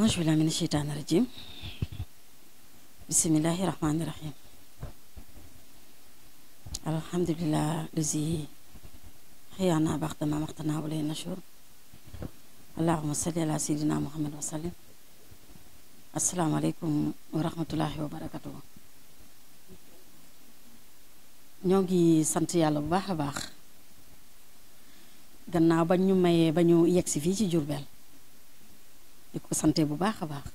أعوذ بالله من الشيطان الرجيم بسم الله الرحمن الرحيم الحمد لله الذي أنا أنا ما أنا ولي نشور اللهم صل على سيدنا محمد وسلم السلام عليكم ورحمة الله وبركاته ñoo ngi sant yàlla bu baax a baax gannaaw ba ñu mayee ba ñu di ko sante bu baakha baax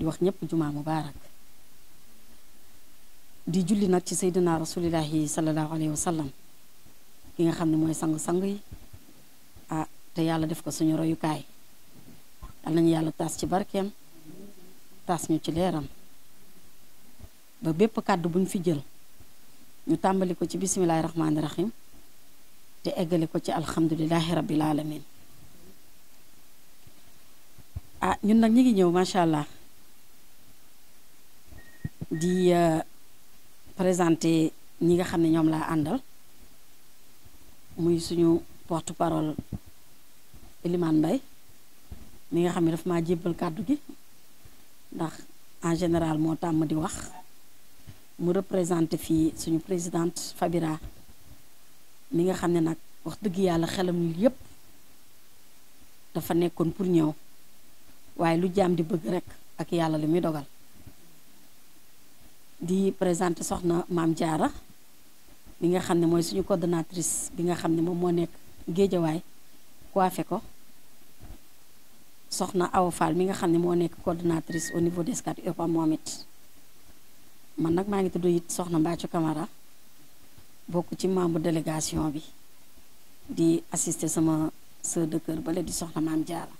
di wax ñëpp juma mubarak di julli nak ci sayyidina rasulillahi sallallahu Alaihi Wasallam. ki nga xam moy sang-sang yi ah te yalla def ko suñu kay dal nañu yalla tass ci barkem tass ñu ci leeram ba bepp kaddu buñ fi jël ñu tambali ko ci bismillahir rahmanir rahim te eggale ko ci alhamdulillahi rabbil alamin ah ñun nak ñi ngi ñëw macha allah di euh, présenter ñi nga xam ñom la andal muy suñu porte parole Elimane Mbaye mi nga xam daf maa jébbal gi ndax en général mo tam di wax mu représenter fi suñu présidente Fabira mi nga xam nak wax dëgg yalla xelam yépp dafa nekkon pour ñew waaye lu jaam di bëgg rek ak yàlla li muy dogal di présenter soxna maam jaara bi nga xam ne mooy suñu coordonnatrice bi nga xam ne moom moo nekk géejawaay coiffé ko soxna aw Fall mi nga xam ne moo nekk coordonnatrice au niveau des Scat Urbam moom it man nag maa ngi tudd it soxna Mbacco Camara bokk ci membre délégation bi di assister sama sœur de cœur bale di soxna maam jaara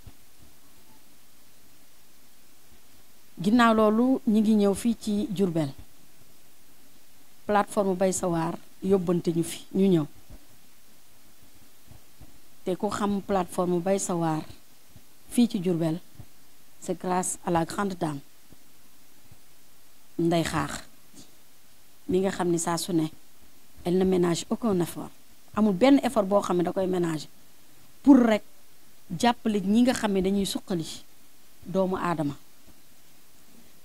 ginnaaw loolu ñi ngi ñëw fii ci Diourbel plateforme Bay Sa Waar yóbbante ñu fi ñu ñëw te ku xam plateforme Bay Sa Waar fii ci Diourbel c'est grâce à la grande dame Ndeye Khar mi nga xam ni saa su ne elle ne ménage aucun effort amul benn effort boo xam ne da koy ménager pour rek jàppalit ñi nga xam ne dañuy suqali doomu aadama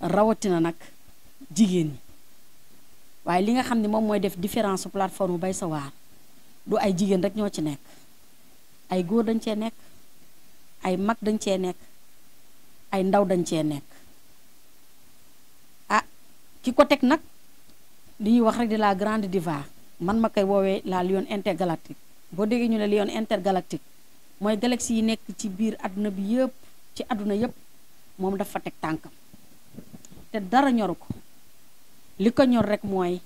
rawatina nag jigéen ñi waaye li nga xam ne moom mooy def différence su plateforme bay sa waar du ay jigéen rek ñoo ci nekk ay góor dañ cee nekk ay mag dañ cee nekk ay ndaw dañ cee nekk ah ki ko teg nag li ñuy wax rek di la grande diva man ma koy woowee la lion intergalactique boo déggee ñu ne lion intergalactique mooy galaxie yi nekk ci biir àdduna bi yëpp ci àdduna yëpp moom dafa teg tànkam te dara ñoru ko li ko ñor rek mooy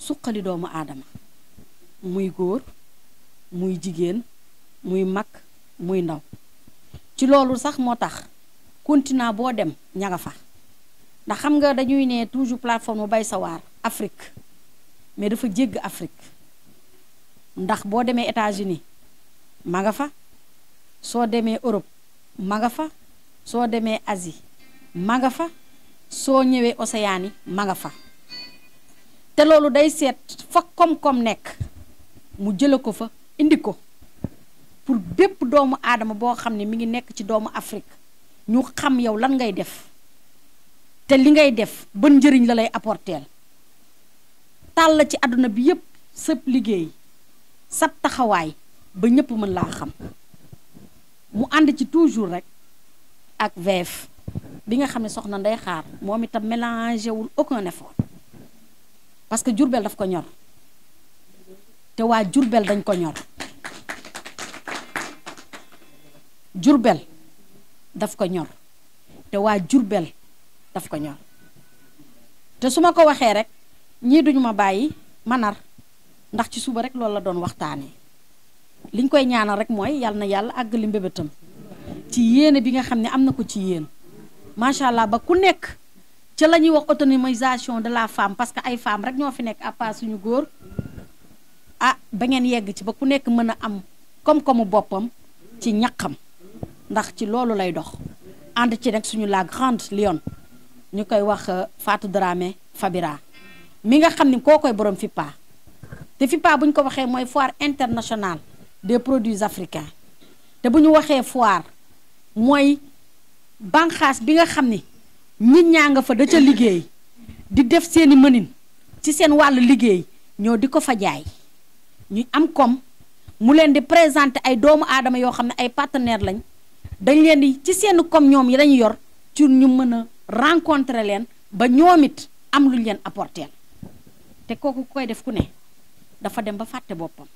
suqali doomu aadama muy góor muy jigéen muy mag muy ndaw ci loolu sax moo tax continent boo dem ña fa ndax xam nga dañuy ne toujours mu bay sa waar Afrique mais dafa jégg Afrique ndax boo demee États-Unis ma nga fa soo demee Europe ma fa soo demee asi ma fa soo ñëwee Océanie ma nga fa te loolu day seet fa koom-koom nekk mu jële ko fa indi ko pour bépp doomu aadama boo xam ne mi ngi nekk ci doomu Afrique ñu xam yow lan ngay def te li ngay def ban njëriñ la lay apporteel tàll ci àdduna bi yépp sab liggéey sab taxawaay ba ñépp mën laa xam mu ànd ci toujours rek ak VF bi nga xam ne soxna Ndeye xaar moom itam mélangé wul aucun effort parce que Jurbel daf ko ñor te waa Jurbel dañ ko ñor Jurbel daf ko ñor te waa Jurbel daf ko ñor te su ma ko waxee rek ñii duñu ma bàyyi manar ndax ci suba rek loolu la doon waxtaanee liñ koy ñaanal rek mooy yàlla na yàlla àggali mbébétam ci yéene bi nga xam ne am na ko ci yéen macha allah ba ku nekk ca la ñuy wax autonomisation de la femme parce que ay femme rek ñoo fi nekk à part suñu góor ah ba ngeen yegg ci ba ku nekk mën a am koom-koomu boppam ci ñaqam ndax ci loolu lay dox ànd ci nag suñu la grande lionne ñu koy wax euh, faatu Dramé Fabira mi nga xam ni koo koy borom FIPA te FIPA bu ñu ko waxee mooy foire internationale des produits africains te bu ñu waxee foire mooy. banqaas bi nga xam ni nit ñaa nga fa da ca liggéey di def seeni mënin ci seen wàllu liggéey ñoo di ko fa jaay ñu am koom mu leen di présenter ay doomu aadama yoo xam ne ay partenaires lañ dañ leen di ci seen koom ñoom yi dañu yor ci ñu mën a rencontrer leen ba ñoom it am luñ leen apporter te kooku koy def ku ne dafa dem ba fàtte boppam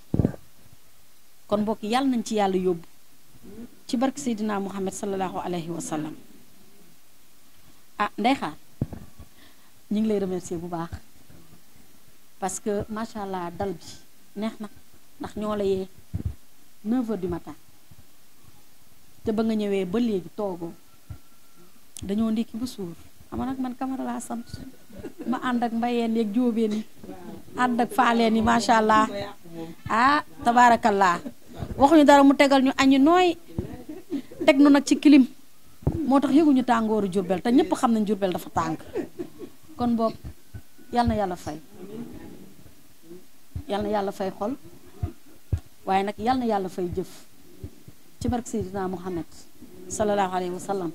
kon mbokk yàlla nañ ci yàlla yóbbu ci barke Seydina Muhammad sallallahu alayhi wa sallam ah ndey xaar ñi ngi lay remercier bu baax parce que machallah allah dal bi neex na ndax ñoo la yé 9 h du matin te ba nga ñëwé ba légui togo dañoo bu suuf ama nak man kamara la ma and ak mbayeen yeeg jóobeen ni and ak faaleen ni machallah allah ah waxu ñu dara mu tegal ñu agni noy tek nu nag ci kilim motax yegu ñu tangoru jurbel te ñepp xam jurbel dafa tang kon bok yal na fay yal na fay xol waye nak yal yalla fay jëf ci barke sayyidina Muhammad sallallahu Alaihi Wasallam.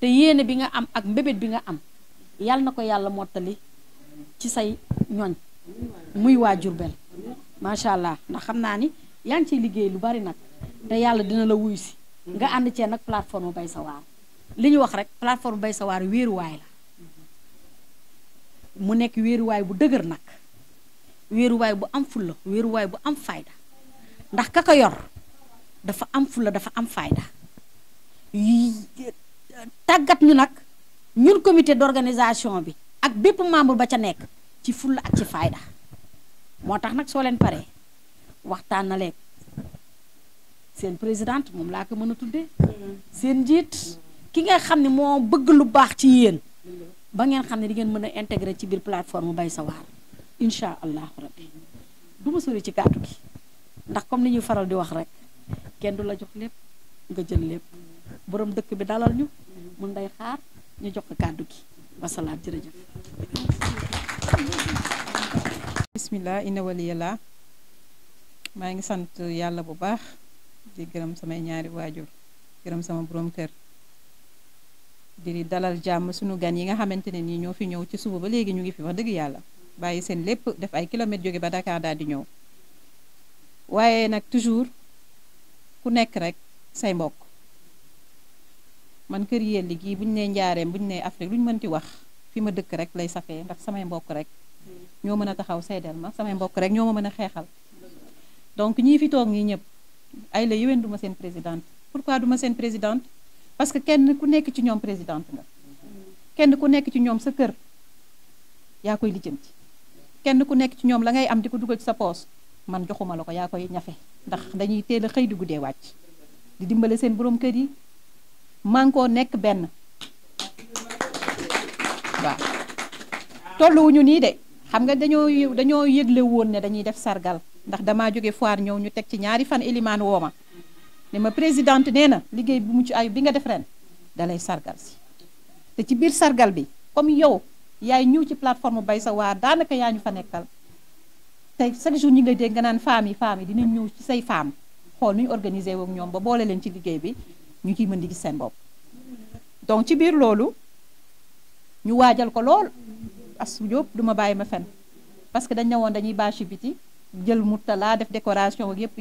te yene bi nga am ak mbebet bi nga am yalna na ko yalla motali ci say ñoon muy wa jurbel sha allah ndax xamna ni yang ci liggey lu bari nak te yalla dina la nga ànd cee nag plateform bay sa waar li ñu wax rek plateforme bay sa waar wéeruwaay la mu nekk wéeruwaay bu dëgër nag wéeruwaay bu am fulla wéeruwaay bu am fayda ndax ka yor dafa am fulla dafa am fayda tàggat ñu nag ñun comité d'organisation bi ak bépp membre ba ca nekk ci fulla ak ci fayda moo tax nag soo leen paree waxtaan na leen sen president mom la ko meuna tuddé mm-hmm. sen seen ki nga xamni mo bëgg lu baax ci yeen ba ngeen xamni di ngeen meuna intégrer ci bir plateforme Bay Sa Waar allah rabbi du ma sori ci kaddu gi ndax comme ni faral di wax rek kenn du la jox lepp nga jël lepp borom dëkk bi dalal ñu mu nday xaar ñu jox ko kàddu gi wasalaam jërëjëf. bismillah inna waliyalla ma ngi sant yalla bu baax di gërëm sama ñaari wajur gërëm sama borom kër di dalal jamm suñu gan yi nga xamantene ni ñoo fi ñew ci suba ba légui ñu ngi fi wax dëgg yalla bayyi seen lepp def ay kilomètre jóge ba Dakar da di ñew wayé nak toujours ku nekk rek say mbokk man kër yelli gii buñ né ñaaré buñ né Afrique luñ mënti wax fi ma dëkk rek lay safé ndax sama mbokk rek ñoo mëna taxaw sédel ma sama mbokk rek ñoo mëna xéxal donc ñi fi tok ñi ñëpp ay la yéwén du ma seen présidente pourquoi du ma seen présidente parce que kenn ku nekk ci ñoom présidente nga kenn ku nekk ci ñoom sa kër yaa koy ci kenn ku nekk ci ñoom la ngay am di ko dugal ci sa poos man joxuma la ko yaa koy ñafe ndax dañuy teel a xëy di guddee wàcc di dimbale seen borom kër yi koo nekk benn waaw tolluwuñu nii de xam nga dañoo dañoo yëgle woon ne dañuy def sargal ndax damaa jóge foire ñëw ñu teg ci ñaari fan Elimane woo ma ne ma présidente nee na liggéey bu mucc ayib bi nga def ren dalay sargal si te ci biir sargal bi comme yow yaay ñëw ci plateforme bay sa waar daanaka yaa ñu fa nekkal te chaque jour ñu ngi lay nga naan femmes yi femmes yi dinañ ñëw ci say femmes xool nu ñu organiser ñoom ba boole leen ci liggéey bi ñu ciy mën di gis seen bopp donc ci biir loolu ñu waajal ko lool as Diop du bàyyi ma fen parce que dañ ne woon dañuy bâche biti jël laa def décoration ak yëpp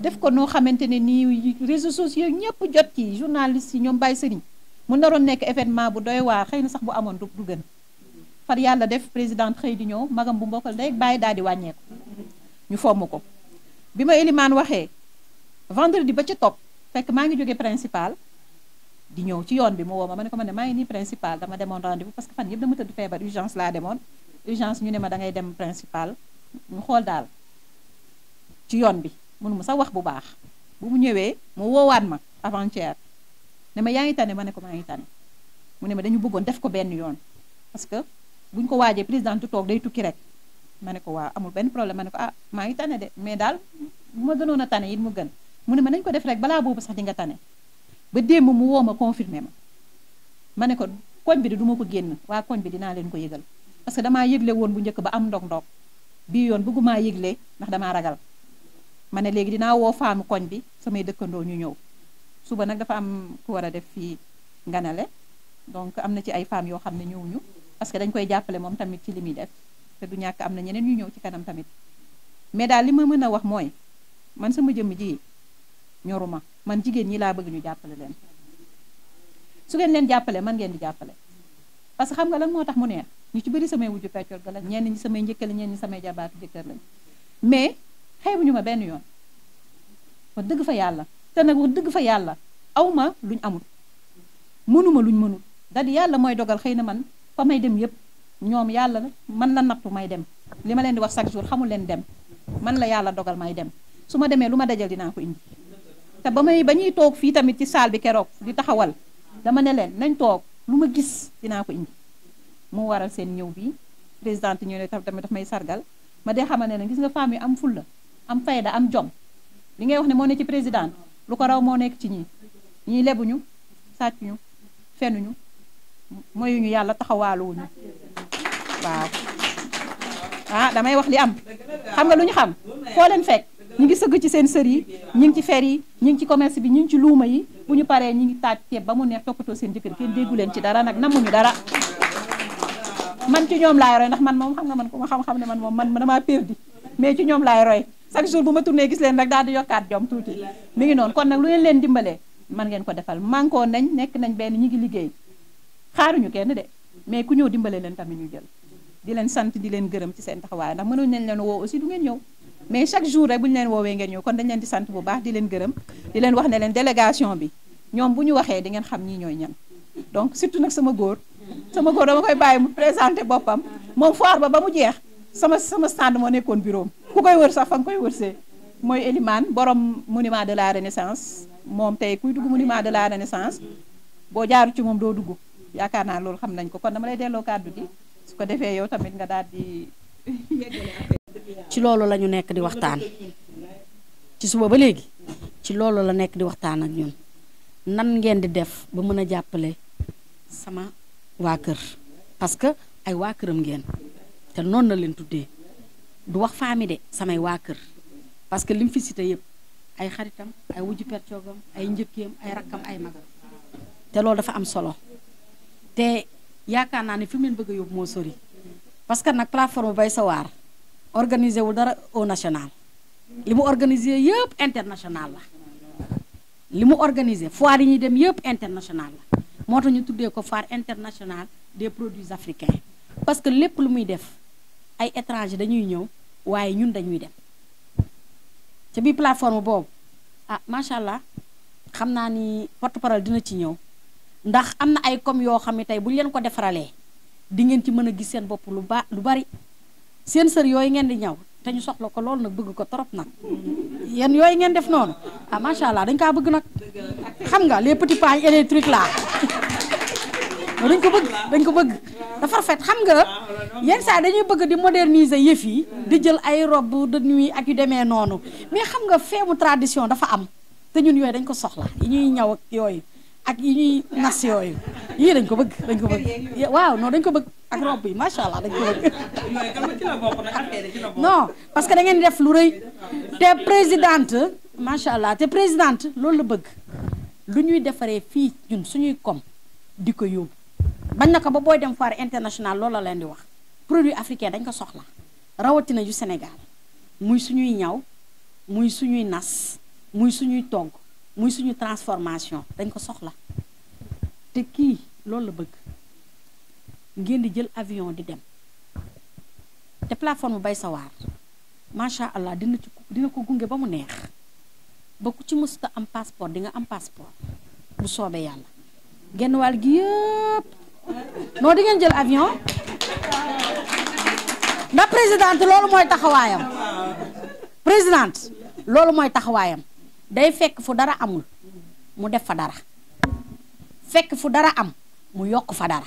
def ko noo xamante ne nii réseaux sociaux ñëpp jot ci journaliste yi ñoom Baye Serigne mu naroon nekk événement bu doy waar xëy na sax bu amoon du du gën far yàlla def président xëy di ñëw magam bu mbokkal day bàyyi daal di wàññeeku ñu fomm ko bi ma Elimane waxee vendredi ba ca topp fekk maa ngi jóge principal di ñëw ci yoon bi mu woo ma ma ne ko ma ne maa ngi nii principal dama demoon rendez-vous parce que fan yëpp dama tëdd laa demoon urgence ñu ne ma da dem principal ñu xool daal ci yoon bi ma sax wax bu baax bu mu ñëwee mu woowaat ma avant-hier ne ma yaa ngi tane ma ne ko maa ngi tane mu ne ma dañu bëggoon def ko benn yoon parce que buñ ko waajee président du toog day tukki rek ma ne ko waa amul benn problème ma ne ko ah maa ngi tane de mais daal bu ma gënoon a tane it mu gën mu ne ma nañ ko def rek balaa boobu sax di nga tane ba démb mu woo ma confirmé ma ma ne ko koñ bi de duma ko génn waa koñ bi dinaa leen ko yëgal parce que damaa yëgle woon bu njëkk ba am ndog-ndog bii yoon bëggumaa yëgle ndax damaa ragal mané légui dina wo fam koñ bi samay dëkkandoo ñu ñëw suba nak dafa am ku wara def fi nganalé donc amna ci ay fam yo xamné ne ñu parce que dañ koy jappalé mom tamit ci limi def té du ñak amna ñeneen ñu ñëw ci kanam tamit mais dal li mëna wax moy man sama jëm ji ñoruma man jigen ñi la bëgg ñu jappalé len su len jappalé man ngeen di jappalé parce que xam nga lan motax mu neex ñu ci bëri samay wuju peccor ga la ñen ñi samay njëkkale ñen ñi samay lañ mais xeebuñu ma benn yoon wax dëgg fa yàlla te nag wax dëgg fa yàlla aw ma luñ amul mënuma luñ mënul dadi yàlla mooy dogal xëy na man fa may dem yépp ñoom yàlla man la nattu may dem li ma leen di wax chaque jour xamul leen dem man la yàlla dogal may dem su ma demee lu ma dajal dinaa ko indi te ba may ba ñuy toog fii tamit ci saal bi keroog di taxawal dama ne leen nañ toog lu ma gis dinaa ko indi mu waral seen ñëw bi présidente ñu ne tamit daf may sargal ma dee xamal ne gis nga femme yu am fulla am fayda am jom li ngay wax ne mo ne ci président lu ko raw mo nek ci ñi ñi lebuñu sàccuñu fenuñu moyuñu taxawalu taxawaaluwuñu waaw ah damay wax li am xam nga luñu xam fo leen fek ñi ngi seug ci seen sër yi ñi ngi ci fer yi ñi ngi ci commerce bi ñi ngi ci luuma yi buñu paré ñi ngi taaj ceeb ba mu neex topato seen jëkkër keen déggu leen ci dara nak namuñu dara man ci ñom la roy ndax man mom xam nga man ko xam-xam ne man mom man dama perdi mais ci ñom la roy chaque jour bu ma tourné gis len rek daal di yokkat jom tuuti mi ngi non kon nak lu len leen dimbalee man ngeen ko defal mànkoo nañ nek nañ ben ñi ngi liggéey xaaruñu kenn de mais ku ñëw dimbalé len tamit ñu jël di len sante di len gërëm ci seen taxawaay ndax mënu nañ len wo aussi du ngeen ñëw mais chaque jour rek bu ñu leen woowee ngeen ñëw kon dañ len di sante bu baax di len gërëm di len wax ne len délégation bi ñom bu ñu waxee di ngeen xam ñi ñoy ñan donc surtout nak sama góor sama góor dama koy bàyyi mu présenter bopam mom foor ba ba mu jeex sama sama stand mo nekkoon bureau ku koy wër sax fa nga koy wërsé moy eliman borom monument de la renaissance mom tay kuy dugg monument de la renaissance bo jaaru ci mom do dugg yakarna lool xam nañ ko kon dama lay délo cadeau gi su ko défé yow tamit nga daal di ci loolu lañu nekk di waxtaan ci suba ba légui ci loolu la nekk di waxtaan ak ñun nan ngeen di def ba mëna jappalé sama wa kër parce que ay wa këram ngeen té non na leen tuddee du wax faami de samay waa kër parce que lim fi cité yëpp ay xaritam ay wujju percoogam ay njëkkeem ay rakkam ay magam te loolu dafa am solo te yaakaar naa ne fi mu bëgg a yóbbu moo sori parce que nag plateforme Bay Sa Waar organiser wu dara au national li mu organiser yëpp international la li mu organiser foire yi ñuy dem yëpp international la moo tax ñu tuddee ko foire international des produits africains parce que lépp lu muy def ay étranger dañuy ñëw waye ñun dañuy dem ci bi plateforme bob ah machallah xamna ni porte parole dina ci ñew ndax amna ay comme yo xamni tay buñu leen ko defaralee di ngeen ci mëna gis seen bop lu ba lu bari seen sœur yoy ngeen di ñaw té ñu soxla ko lool nak bëgg ko torop nak yeen yoy ngeen def non ah machallah dañ ka bëgg nak xam nga les petits pains électriques là. dañ ko bëgg dañ ko bëgg dafa rafet xam nga yeen sa dañuy bëgg di moderniser yëf yi di jël ay robbu de nuit ak yu démé nonu mais xam nga fému tradition dafa am té ñun yoy dañ ko soxla yi ñuy ñaw ak yoy ak yi ñuy nas yoy yi dañ ko bëgg dañ ko bëgg waaw no dañ ko bëgg ak rob yi macha allah dañ ko bëgg non parce que da ngeen def lu reuy té présidente macha allah té présidente loolu la bëgg lu ñuy défaré fi ñun suñuy kom di yob bañ na ko ba booy dem foire international loolu la leen di wax produit africain dañ ko soxla rawatina yu Sénégal muy suñuy ñaw muy suñuy nas muy suñuy togg muy suñu transformation dañ ko soxla te kii loolu la bëgg ngeen di jël avion di dem te plateforme bay sawaar macha allah dina ci ko gunge ba mu neex ba ku ci mësuta am passeport di nga am passeport bu soobee yàlla genn wàll gi yëpp non di ngeen jël avion ndax présidente loolu mooy taxawaayam présidente loolu mooy taxawaayam day fekk fu dara amul mu def fa dara fekk fu dara am mu yokk fa dara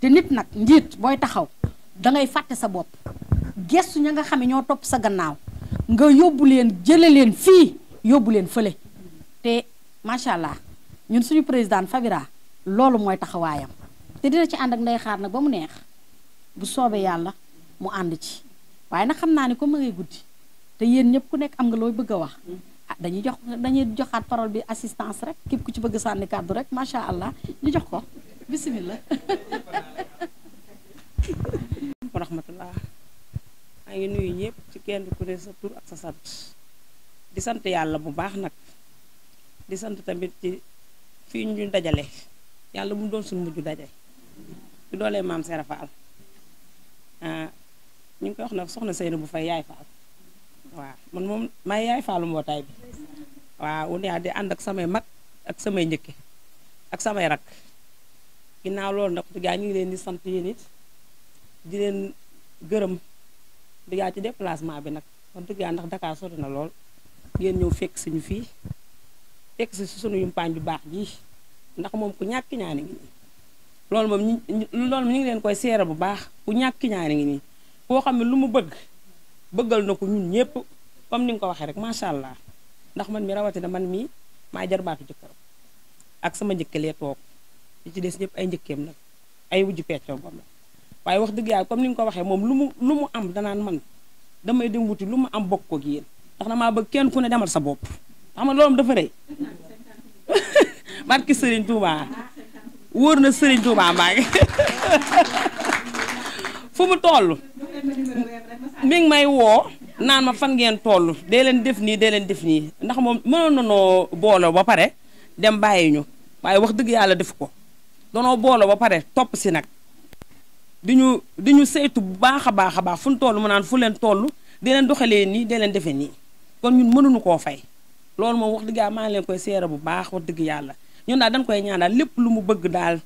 te nit nag njiit booy taxaw da ngay fàtte sa bopp gestu ñu nga xam ne ñoo topp sa gannaaw nga yóbbu leen jële leen fii yóbbu leen fële te macha allah ñun suñu présidente Fabira loolu mooy taxawaayam. te dina ci and ak nday xaar nak ba mu neex bu soobe yalla mu and ci waye nag xamna ni ko ma ngay guddi te yeen ñep ku nekk am nga loy bëgg wax ah, dañuy jox dañuy joxat parole bi assistance rek kep ku ci bëgg sanni rek sha allah ñu jox ko bismillah, wa rahmatullah maa ngi nuyu ñep ci kenn ku ne sa tour ak sa sant di sant yalla bu baax nak di sant tamit ci fi ñu dajale yalla mu doon suñu muju dajale du doolee maam Sera Fall ah, ñu ngi koy wax nag soxna Seyna bu fay yaay Fall waaw man moom may yaay Fallu mbootaay bi waaw wu neex di ànd ak samay mag ak samay njëkke ak samay rak ginnaaw lool nag diggaa ñu ngi leen di sant yéen it di leen gërëm diggaa ci déplacement bi nag wax dëgg ndax Dakar sori na lool ngeen ñëw fekk suñu fii fekk si suñu yumpaañ bu baax jii ndax moom ku ñàkk ñaani ngi nii loolu mom ñu loolu ñu ngi leen koy séra bu baax ku ñak ñaari ngi ni ko xamni lu mu bëgg bëggal nako ñun ñepp comme ni nga ko rek macha allah ndax man mi na man mi maa ci kër ak sama njëkkalee toog li ci dess ñepp ay njëkkeem nak ay wujju peccoo bom la waaye wax dëgg yàlla comme ni nga ko waxee lu mu lu mu am naan man damay dem wuti lu mu am bokk ko yéen ndax ma bëgg kenn ku ne demal sa bop xam nga loolu dafa rëy barki Serigne Touba wóor na Serigne Touba Mbacké fu mu toll mi ngi may woo naan ma fan ngeen toll dee leen def nii dee leen def nii ndax moom mënoon nanoo booloo ba pare dem bàyyi ñu waaye wax dëgg yàlla def ko danoo booloo ba pare topp si nag di ñu di ñu saytu bu baax a baax a baax fu mu toll mu naan fu leen toll dee leen doxalee nii dee leen defee nii kon ñun mënuñu koo fay loolu moom wax dëgg yàlla maa ngi leen koy seere bu baax wax dëgg yàlla ñun daal dañ koy ñaan daal lépp lu mu bëgg daal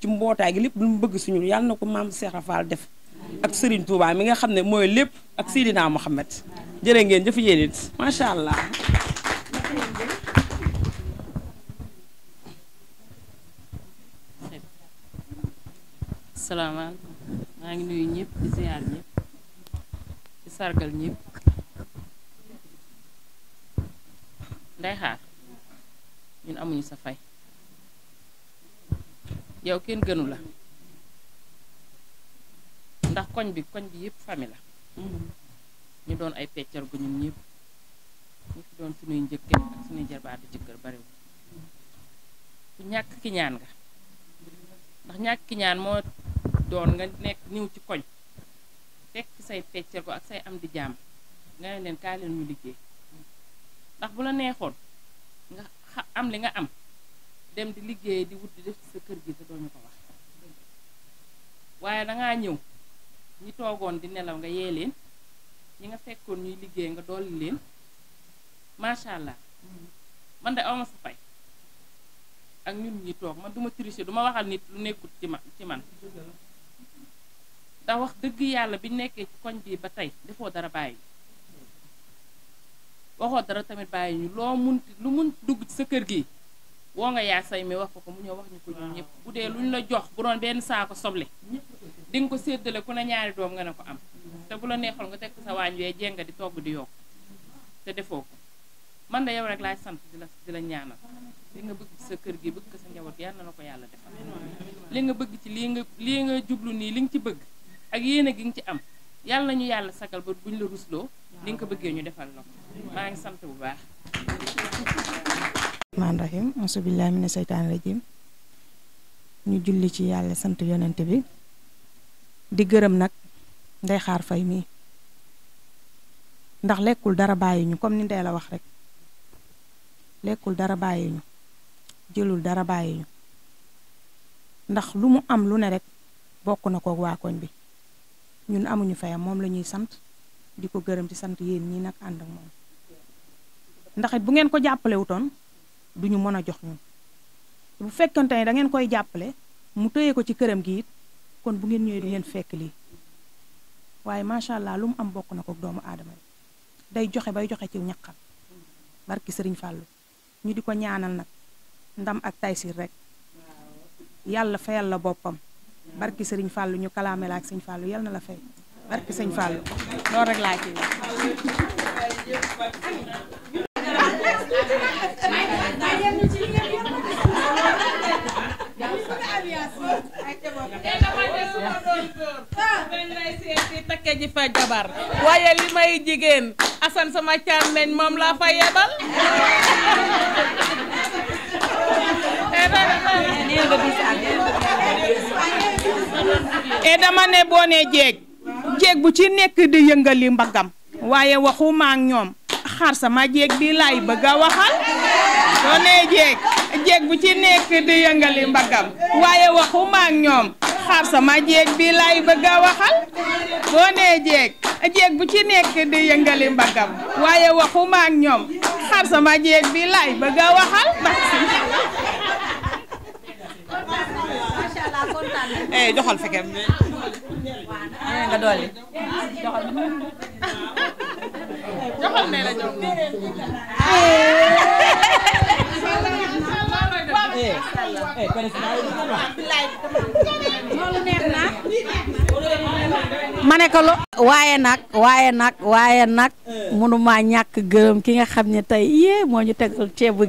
ci mbootaay gi lépp lu mu bëgg suñu yàlla na ko maam Cheikh Fall def ak Serigne Touba mi nga xam ne mooy lépp ak Seydina Mohamed jërë ngeen jëf yéen it macha allah. maa ngi nuyu ñëpp di ziar ñëpp di sargal ñëpp nday xaar ñun amuñu sa fay. yow kenn gënu la ndax koñ bi koñ bi yëpp famille la ñu doon ay peccar gu ñun ñëpp ñu fi doon suñuy njëkkër ak suñuy jarbaatu jëkkër bariwul ku ñàkk kiñaan nga ndax ñàkk kiñaan ñaan moo doon nga nekk niw ci koñ tekk say peccar ko ak say am di jàmm nga ne leen kaa leen ñu liggéey ndax bu la neexoon nga am li nga am dem di liggéey di wut di def ci sa kër gi te ñu ko wax waaye dangaa ñëw ñi toogoon di nelaw nga yee leen ñi nga fekkoon ñuy liggéey nga dolli leen macha allah man de awma sa fay ak ñun ñi toog man duma tricher duma waxal nit lu nekkul ci ma ci man ndax wax dëgg yàlla bi nekkee ci koñ bii ba tey defoo dara bàyyi waxoo dara tamit bàyyi ñu loo mun lu mun dugg ci sa kër gi woo nga yaa say mi wax ko ko mu ñëw wax ñu ko ñun ñëpp bu dee lu ñu la jox bu doon benn saako soble di nga ko séddale ku ne ñaari doom nga ne ko am te bu la neexoon nga teg waañ wee jenga di togg di yokk te defoo ko man da yow rek laay sant la di la nga bëgg sa kër gi bëgg ko sa njaboot yàlla na la ko yàlla defal li nga bëgg ci lii nga lii nga jublu nii li nga ci bëgg ak yéene gi nga ci am yàlla ñu yàlla sagal ba buñ la rusloo li nga ko bëggee ñu defal la ko maa ngi sant bu baax rahmaan rahim asubillahi mina seytaani rajim ñu julli ci yàlla sant yonent bi di gërëm nag ndey xaar fay mii ndax lekkul dara bàyyi ñu comme ni ndey la wax rek lekkul dara bàyyi ñu jëlul dara bàyyi ñu ndax lu mu am lu ne rekk bokk na ko waa koñ bi ñun amuñu fayam moom la ñuy sant di ko gërëm ci sant yéen ñii nag ànd ak moom ndax bu ngeen ko jàppalewutoon du ñu mën a jox ñun bu fekkante ne dangeen koy jàppale mu tëye ko ci këram gi it kon bu ngeen ñëwee du ngeen fekk lii waaye macha allah lu mu am bokk na ko doomu aadama yi day joxe bay joxe ci ñaqam barki sëriñ Fàllu ñu di ko ñaanal nag ndam ak taysir rek yàlla fayal la boppam barki sëriñ Fàllu ñu kalaame la ak sëñ Fàllu yal na la fay barki sëñ Fàllu loolu rek laa ci ji fa jabar waaye li may jigéen Assane sama càmmeñ moom laa fa yebal e dama ne boo ne jeeg bu ci nekk di yëngali mbaggam waaye waxuma ak ñoom xaar sama jéeg bi laay bëgg a waxal soo nee jéeg bu ci nekk di yëngali mbagam waaye waxu maak ñoom xaar sama jéeg bi laay bëgg a waxal soo nee jéeg bu ci nekk di yëngali mbagam waaye waxu ñoom xaar sama jéeg bi laay bëgg a waxal eh doxal fekem de eh, nga dolli doxal doxal ne la ñoom eh eh e loolu neex na ma ne ko lo waaye nag waaye nag waaye nag ki nga xamné tay yé mo ñu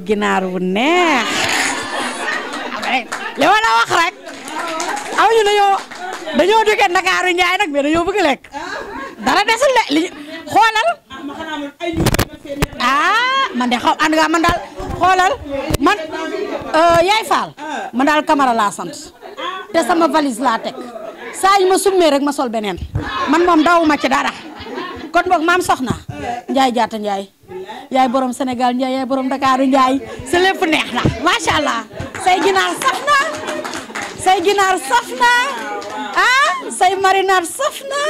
ginaar bu neex eh, lé wala wax rek අවුජු නයෝ නයෝ දෙක නකාරු ඥානක් මේ නයෝ bëgg lek dara desul de li xolal ah anu man de eh, xaw and nga ya, man dal xolal man euh yaay faal man dal camara la sant te sama valise la tek sañ ma summé rek ma sol benen man mom dawuma ci dara kon bok mam soxna njaay jaata njaay yaay borom senegal njaay yaay borom dakaru njaay sa lepp neex na machallah say ginaar sax nah. say ginaar saf na ah say marinade saf na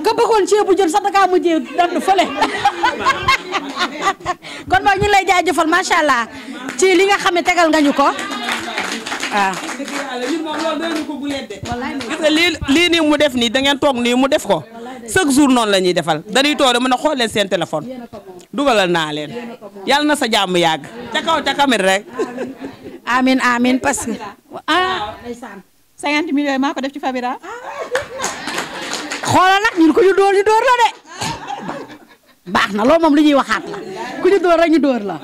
nga bëggoon ceebu jën sax da kaa mujjee dandu fële kon boog ñu lay jaajëfal macha allah ci li nga xam ne tegal nga ñu ko waaw. Ah. gis nga lii lii nii mu def nii da ngeen toog nii mu def ko chaque jour noonu la ñuy defal dañuy toog mën a xool leen seen téléphone dugalal naa leen yàlla na sa jàmm yàgg ca kaw ca kamit rek. amin amin pas. que ah ndeysaan 50 millions maa ko def ci Fabira xoolal nag ñun ko ñu dóor ñu dóor la de baax na loolu moom ñuy waxaat la ku ñu rek ñu la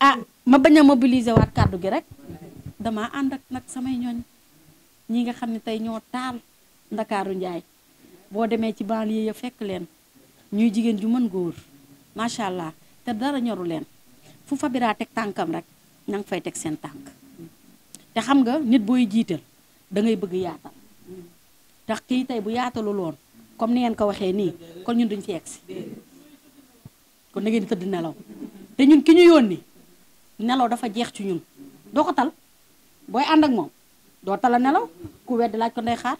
ah ma bañ mobiliser waat kàddu gi rek dama ànd ak nag samay ñooñ ñi kan nga xam ne tey ñoo taal ndakaaru njaay boo ci banlieue ya fekk ñuy allah te dara ñoru leen fu Fabira tek tànkam rek ña fay tek sen tank te xam nga nit boy jital da ngay bëgg yaata tax ki tay bu yaata lu lor comme ni ngeen ko waxee ni kon ñun duñ ci ex si kon da ngeen teud nelaw te ñun ki ñu yoni nelaw dafa jeex ci ñun doo ko tal boy and ak mom do tala nelaw ku wedd laaj ko ndey xaar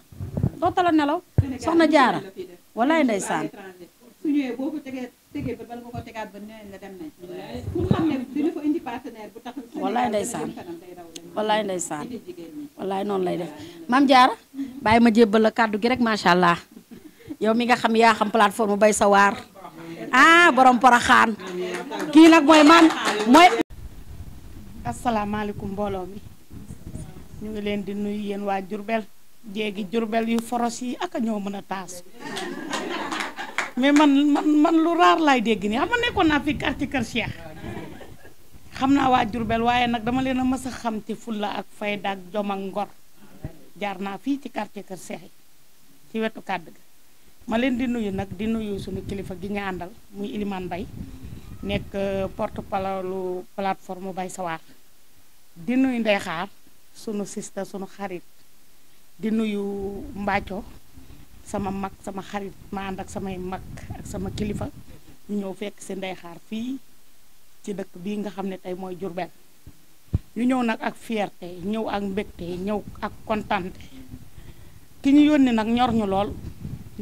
do tala nelaw soxna jaara wallahi ndeysaan su ñëwee boo ko tegee tëggee ba bala nga indi lay def maam Diarra bàyyi ma jébbal gi rek yow mi nga xam yaa ah, xam plateforme bay sa ah borom paraxaan kii nag moy. Eh, man mooy. Eh. asalaamaaleykum mi ñu ngi leen di nuyu yéen waa Jurbel jéegi Jurbel yu foros yi ak ñoo mais man man man lu rar lay deg ni xam nga nekkoon naa fi quartier ker Cheikh xam naa waa Jurbel waaye nag dama leena a mës xam ci fulla ak fayda ak jom ak ngor jaar na fi ci quartier ker Cheikh ci wetu kàdd ga ma len di nuyu nak di nuyu suñu kilifa gi nga andal muy iliman bay nek euh, porte-parole plateforme bay Sa di nuyu ndey Xaar sunu sister sunu xarit di nuyu mbacho sama mak sama xarit ma sama ak sama mak ak sama kilifa ñu ñëw fekk ci nday xaar fi ci dëkk bi nga xamne tay moy Jurbel ñu ñëw nak ak fierté ñew ak mbekté ñew ak kontante ki ñu yónni nak ñor ñu lool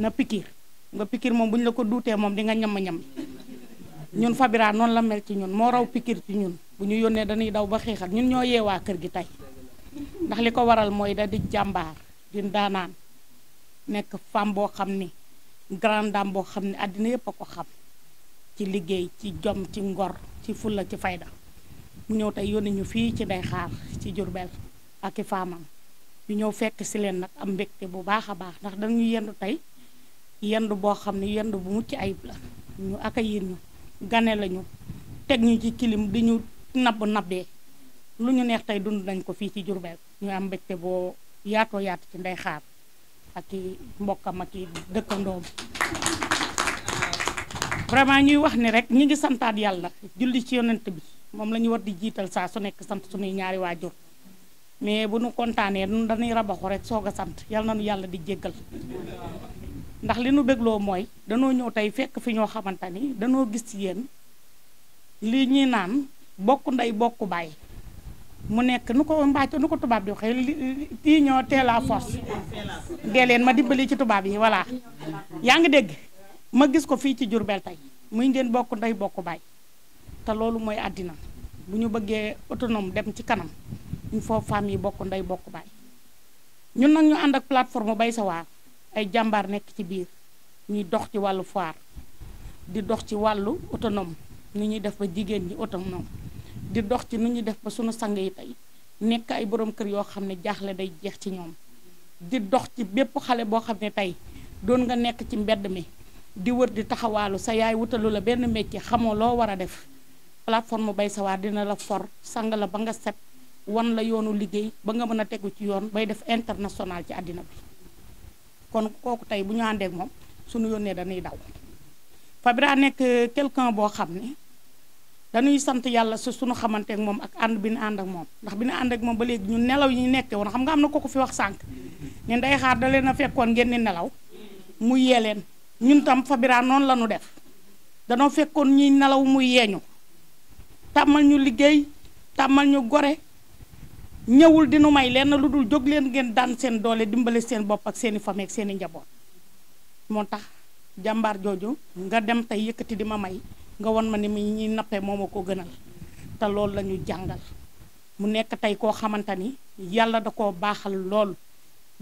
na pikir nga pikir mom buñ la ko douté mom di nga ñam-ñam ñun Fabira non la mel ci ñun mo raw pikir ci ñun bu ñu yónnee dañuy daw ba xexal ñun ñoo yewa kër gi tay ndax liko waral moy da di jambar di daanan nekk femme boo xam ni grande dame boo xam ni àddina yëpp a ko xam ci liggéey ci jom ci ngor ci fulla ci fayda mu ñëw tey yónni ñu fii ci Ndeye Khar ci Jurbel ak i faamam ñu ñëw fekk si leen nag am mbégte bu baax a baax ndax dañu yendu tey yendu boo xam ne yendu bu mucc ayib la ñu accueillir ñu gane lañu teg ñu ci kilim di ñu nabb nabbee lu ñu neex tey dund nañ ko fii ci Jurbel ñu am mbégte boo yaatoo yaatu ci Ndeye Khar ak i mbokkam ak i dëkkandoom vraiment ñuy wax ni rek ñi ngi santaat yàlla julli ci yonent bi moom la ñu war di jiital saa su nekk sant suñuy ñaari waajur mais bu nu kontaanee nun dañuy rabaxu rek soog a sant yal na nu yàlla di jéggal ndax li nu bégloo mooy danoo ñëw tey fekk fi ñoo xamante ni danoo gis ci yéen li ñuy naan bokk ndey bokk baay mu nek nuko ko nuko tubab di waxe tii ñoo teel la force dee ma dimbali ci tubab yi wala yaa ngi dégg ma gis ko fi ci Jurbel tay muy ngeen bokk nday bokk bay ta lolu moy adina bu ñu autonome dem ci kanam ñu fo fami bokk ndey bokk ñun nak ñu and ak plateforme bay sa ay jambar nek ci biir ñuy dox ci walu foar di dox ci walu autonome ñi ñi def ba jigen ñi autonome di dox ci nu ñuy def ba sunu sang yi tey nekk ay boroom kër yoo xam ne jaaxle day jeex ci ñoom di dox ci bépp xale boo xam ne tey doon nga nekk ci mbedd mi di wër di taxawaalu sa yaay wutalu la benn métier xamoo loo war a def plateforme bay sa waar dina la for sang la ba nga set wan la yoonu liggéey ba nga mën a tegu ci yoon bay def international ci àddina bi kon kooku tey bu ñu àndeek moom suñu yónnee dañuy daw Fabira nekk quelqu'un boo xam ne dañuy sant yalla su suñu xamanté ak mom ak and bi and ak mom ndax bi ñu ànd ak mom ba légui ñu nelaw yi nekk won xam nga amna koku fi wax sank ne nday xaar da leena fekkon ngeen ni nelaw mu yelen ñun tam Fabira noonu def fekkon ñi nelaw mu yeñu tamal ñu liggey tamal ñu gore di dinu may lenn lu dul gen leen ngeen daan seen doole dimbale seen bop ak seen famille ak seen njaboot moo jambar jojo nga dem tay yëkëti di ma may nga wan ma ni mi ñuy nappe moo ma ko gënal te loolu la ñu jàngal mu nekk tey koo xamante ni yàlla da koo baaxal lool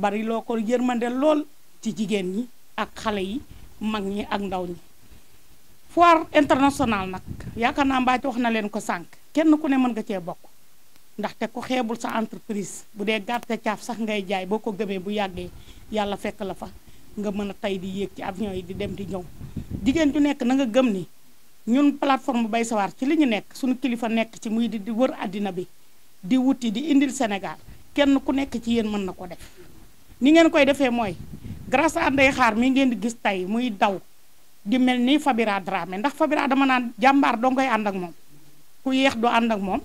bari loo ko yërmande lool ci jigéen ñi ak xale yi mag ñi ak ndaw ñi foire internationale nag yaakaar naa mbaa wax na leen ko sànq kenn ku ne mën nga cee bokk ndax ndaxte ku xeebul sa entreprise bu dee gàtte caaf sax ngay jaay boo ko gëmee bu yàggee yàlla fekk la fa nga mën a tey di yéeg ci avion yi di dem di ñëw jigéen ju nekk na gëm ni ñun plateforme Bay Sa War ci li ñu nekk suñu kilifa nekk ci muy di di wër àddina bi di wuti di indil Sénégal kenn ku nekk ci yéen mën na ko def ni ngeen koy defee mooy grâce à Ndeye Khar mii ngeen di gis tey muy daw di mel ni Fabira Dramé ndax Fabira dama naan jàmbaar doo koy ànd ak moom ku yéex du ànd ak moom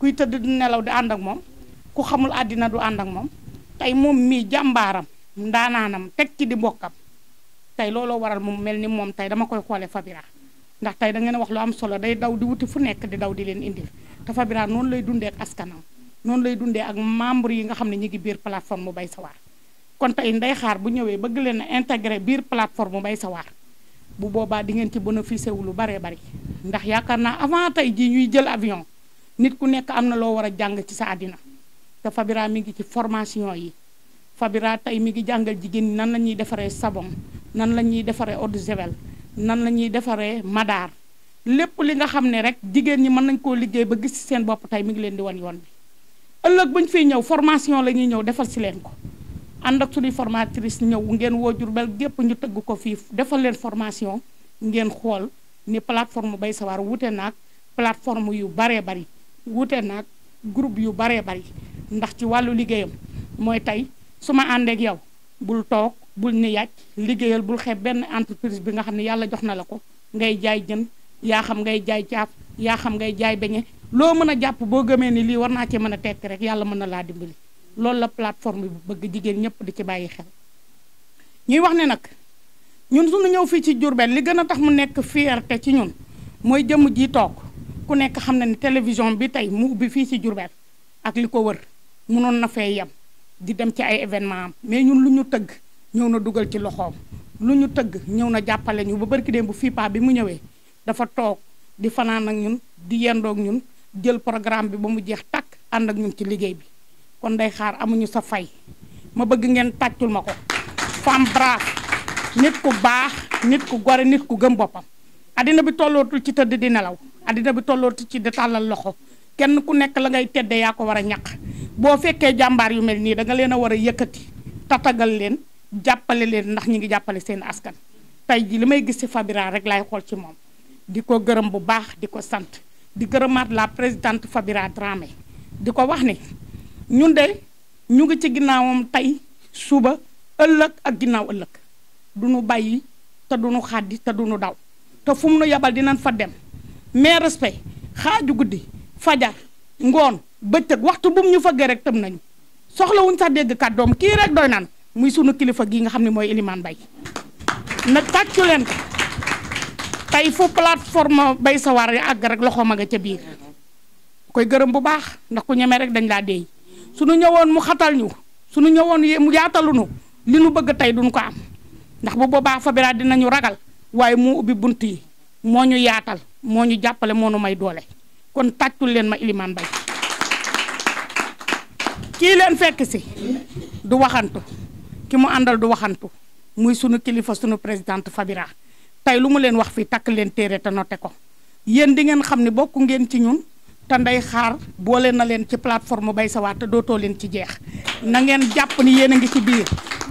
kuy tëdd du nelaw di ànd ak moom ku xamul àddina du ànd ak moom tey moom mii jàmbaaram ndaanaanam teg ci di mbokkam tey looloo waral mu mel ni moom tey dama koy xoole Fabira ndax tey da ngeen wax lu am solo day daw di wuti fu nekk di daw di leen indi Tafa Birane noonu lay dundee ak askanam noonu lay dundee ak membre yi nga xam ne ñu ngi biir mu Bay sawaar War kon tey Ndeye xaar bu ñëwee bëgg leen a intégré biir plateforme Bay sawaar bu boobaa di ngeen ci bénéficié wu lu baree bari ndax yaakaar naa avant tey jii ñuy jël avion nit ku nekk am na loo war a jàng ci sa àddina te Fabira mi ngi ci formation yi Fabira tey mi ngi jàngal jigéen ñi nan la ñuy defaree savon nan la ñuy defaree eau nan la ñuy defaree madaar lépp li nga xam ne rek jigéen ñi mën nañ koo liggéey ba gis seen bopp tey mi ngi leen di wan yoon bi ëllëg bu ñu fiy ñëw formation la ñuy ñëw defal si leen ko ànd ak suñuy formatrice ñëw ngeen woo Jurbel gépp ñu tëgg ko fii defal leen formation ngeen xool ni plateforme Bay Sa War wute naag plateforme yu baree bari wute naag groupe yu baree bari ndax ci wàllu liggéeyam mooy tey su ma àndeek yow bul toog bul ni yaaj liggéeyal bul xeeb benn entreprise bi nga xam ne yàlla jox na la ko ngay jaay jën yaa xam ngay jaay caaf yaa xam ngay jaay beñe loo mën a jàpp boo gëmee ni lii war naa ci mën a tekk rek yàlla mën na laa dimbali loolu la plateforme bi bëgg jigéen ñëpp di ci bàyyi xel ñuy wax ne nag ñun suñu ñëw fii ci Diourbel li gën a tax mu nekk fierté ci ñun mooy jëmm ji toog ku nekk xam na ni télévision bi tey mu ubbi fii ci Diourbel ak li ko wër mënoon na yem di dem ci ay événement mais ñun lu ñu tëgg ñëw na dugal ci loxoom lu ñu tëgg ñëw na jàppale ñu ba barki dem bu FIPA bi mu ñëwee dafa toog di fanaan ak ñun di yendoog ñun jël programme bi ba mu jeex takk ànd ak ñun ci liggéey bi kon day xaar amuñu sa fay ma bëgg ngeen tàccul ma ko femme brave nit ku baax nit ku gore nit ku gëm boppam addina bi tollootul ci tëdd di nelaw addina bi tollootul ci di tàllal loxo kenn ku nekk la ngay tedde yaa ko war a ñaq boo fekkee jàmbaar yu mel nii da nga leen a war a yëkkati tatagal leen jàppale leen ndax ñi ngi jàppale seen askan tey ji li may gis ci Fabira rek laay xool ci moom di ko gërëm bu baax di ko sant di gërëmaat la présidente fabiraa Dramé di ko wax ni ñun de ñu ngi ci ginnaawam tey suba ëllëg ak ginnaaw ëllëg du nu bàyyi te du nu xàddi te du nu daw te fu mu nu yabal dinañ fa dem mais respect xaaju guddi fajar ngoon bëccëg waxtu bu ñu fëggee rek tëm nañu soxlawuñ sax dégg kàddoom kii rek doy naan muy sunu kilifa gi nga xamni moy mooy Bay na taccu len tay tey fu plateforme bay sawar ya ag rek loxo nga ca biir koy gërëm bu baax ndax ku ñemee rek dañ la deey sunu ñëwoon mu xatal ñu sunu ñëwoon mu ñu li nu bëgg tay duñ ko am ndax bu boobaa Fabira dinañu ragal waye moo ubi bunt yi moo yaatal moñu ñu moñu may doole kon taccu len ma iliman Bay ki len fekk ci du waxantou ki mo andal du waxantu muy sunu kilifa sunu présidente Fabira tay lu mu len wax fi tak len téere ta noté ko yeen di ngeen xamni bokku ngeen ci ñun ta nday xaar len na len ci plateforme bay aktivite bunyi te dootoo far ci jeex na ngeen japp ni yeen nga ci biir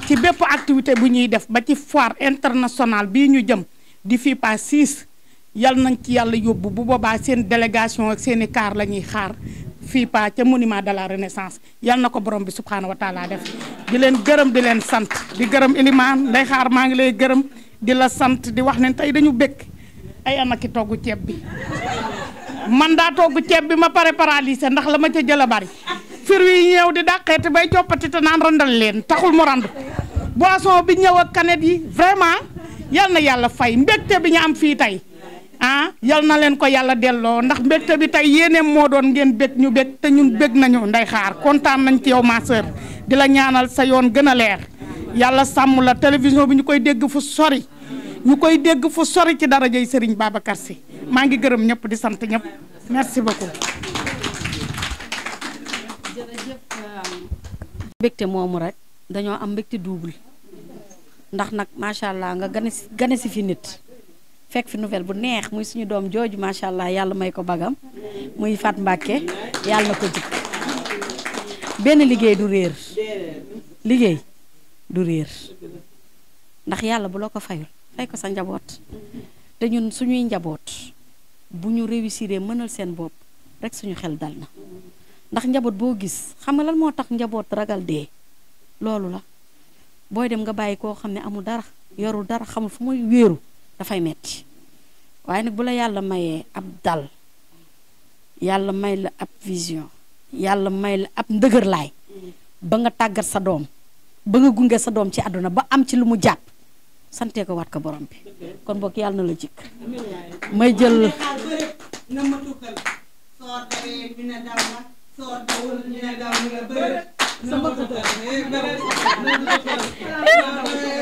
ci bép activité bu ñuy def ba ci foire international bi ñu jëm di fi pas 6 yal nañ ci yalla yobbu bu boba sen délégation ak sen car lañuy xaar Fipa pa ci monument de la renaissance yal nako borom bi subhanahu wa taala def di len gërem di len sant di gërem iliman lay xaar ma ngi lay gërem di la sant di wax ne tay dañu bekk ay ana togu togg bi man bi ma pare paralysé ndax lama ma ca jëla bari fir wi ñew di dàqeeti bay coppati te nan randal len taxul mo rand boisson bi ñew ak kanet yi vraiment yal na fay mbekté bi ñu am fi tay ah yal na len ko yalla delo ndax mbette bi tay yene moo doon ngeen bet ñu bet te ñun bég nañu nday xaar contane nañ ci yow ma sœur dila ñaanal sa yoon gëna a leer yalla sam la télévision bi ñukoy dégg fu sori ñukoy dégg fu sori ci jey Serigne Babacar si ma ngi gërëm ñep di sant ñep merci beaucoup. Euh, mbekté momu rek dañoo am mbekté double ndax nak machallah allah nga gane ganesi gane fi nit. fekk fi nouvelle bu neex muy suñu doom jooju macha allah yàlla may ko bagam muy Fat Mbàkke yàlla na ko jik benn liggéey du réer liggéey du réer ndax yàlla bu la ko fayul fay ko sa njaboot te ñun suñuy njaboot bu ñu réussir mënal seen bopp rek suñu xel dal na ndax njaboot boo gis xam nga lan moo tax njaboot ragal dee loolu la booy dem nga bàyyi koo xam ne amul dara yorul dara xamul fu muy wéeru dafay metti waaye nag bu la yàlla mayee ab dal yàlla may la ab vision yàlla may la ab ndëgërlaay ba nga tàggat sa doom ba nga gunge sa doom ci àdduna ba am ci lu mu jàpp santee ko waat ko borom bi kon bokk yàlla na la jikk may jël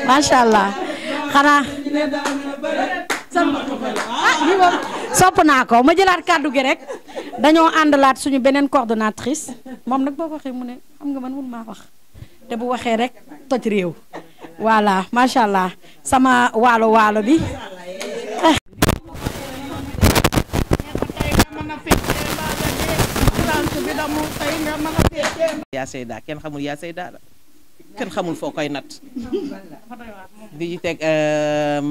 macha allah xanaa sopp naa ko ma jëlaat kàddu gi rek dañoo àndalaat suñu beneen coordonnatrice moom nag boo ko mu xam nga man voilà allah sama walo walo bi. Ya Seyda xamul ya kenn xamul foo koy nat bi ci teg euh,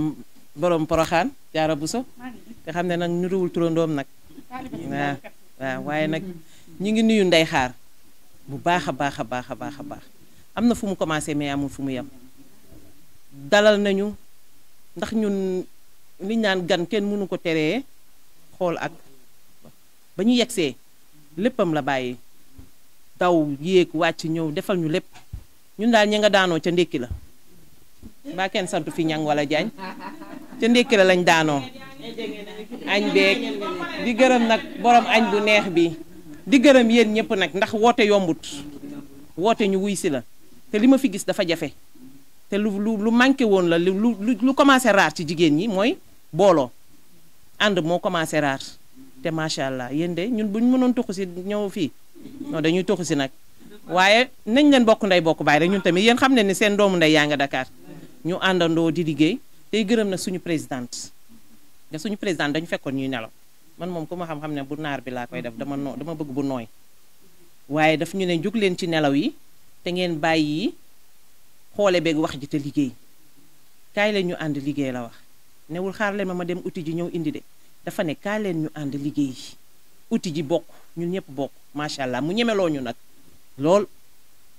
borom poroxaan jaara buso te xam ne nag ñu ruwul turandoom nag waaw waaye nag ñu ngi nuyu ndey xaar bu baax a baax a baax a baax a baax am na fu mu commencé mais amul fu mu yem dalal nañu ndax ñun liñ naan gan kenn mënu ko teree xool ak ba ñu yegsee léppam la bàyyi daw yéeg wàcc ñëw defal ñu lépp ñun daal ñi nga daanoo ca ndékki la mbaa kenn santu fi ñang wala jaañ ca ndékki la lañ daanoo añ beeg di gërëm nag borom añ bu neex bi di gërëm yéen ñëpp nag ndax woote yombut woote ñu wuy si la te li ma fi gis dafa jafe te lu lu lu manqué woon la lu lu lu commencé raar ci jigéen ñi mooy booloo ànd moo commencé raar te macha allah yéen de ñun buñ mënoon tuxu si ñëw fii non dañuy tuxu si nag waaye nañ leen bokk ndey bokk baay rek ñun tamit yéen xam ne ni seen doomu ndey yaa nga dakaar ñu àndandoo di liggéey tey gërëm na suñu présidente nga suñu présidente dañu fekkoon ñuy nelaw man moom ku ma xam-xam ne bu naar bi laa koy def dama noo dama bëgg bu nooy waaye daf ñu ne jóg leen ci nelaw yi te ngeen bàyyi xoole beeg wax ji te liggéey kaay leen ñu ànd liggéey la wax newul xaar leen ma ma dem uti ji ñëw indi de dafa ne kaay leen ñu ànd liggéey uti ji bokk ñun ñëpp bokk macha allah mu ñemeloo ñu nag lool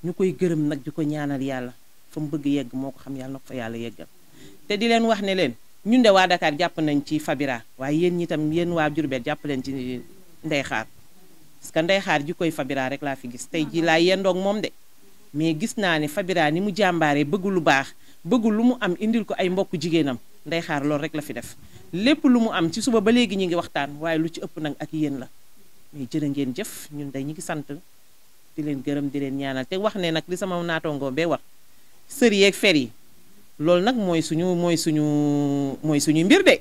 ñu koy gërëm nag di ko ñaanal yàlla fa mu bëgg yegg moo ko xam yàlla na ko fa yàlla yeggal te di leen wax ne leen ñun de waa Dakar jàpp nañ ci Fabira waaye yéen ñi tam yéen waa Diourbel jàpp leen ci Ndeye Khar parce que Ndeye ji koy Fabira rek laa fi gis tey jii laa yendoog moom de mais gis naa ne fabiraa ni mu jàmbaaree bëggul lu baax bëgg lu mu am indil ko ay mbokk jigéenam Ndeye Khar loolu rek la fi def lépp lu mu am ci suba ba léegi ñu ngi waxtaan waaye lu ci ëpp nag ak yéen la mais jërë ngeen jëf ñun day ñu ngi sant di leen gërëm di leen ñaanal te wax ne nag li sama naataangoo bee wax sër yeeg fer yi loolu nag mooy suñu mooy suñu mooy suñu mbir de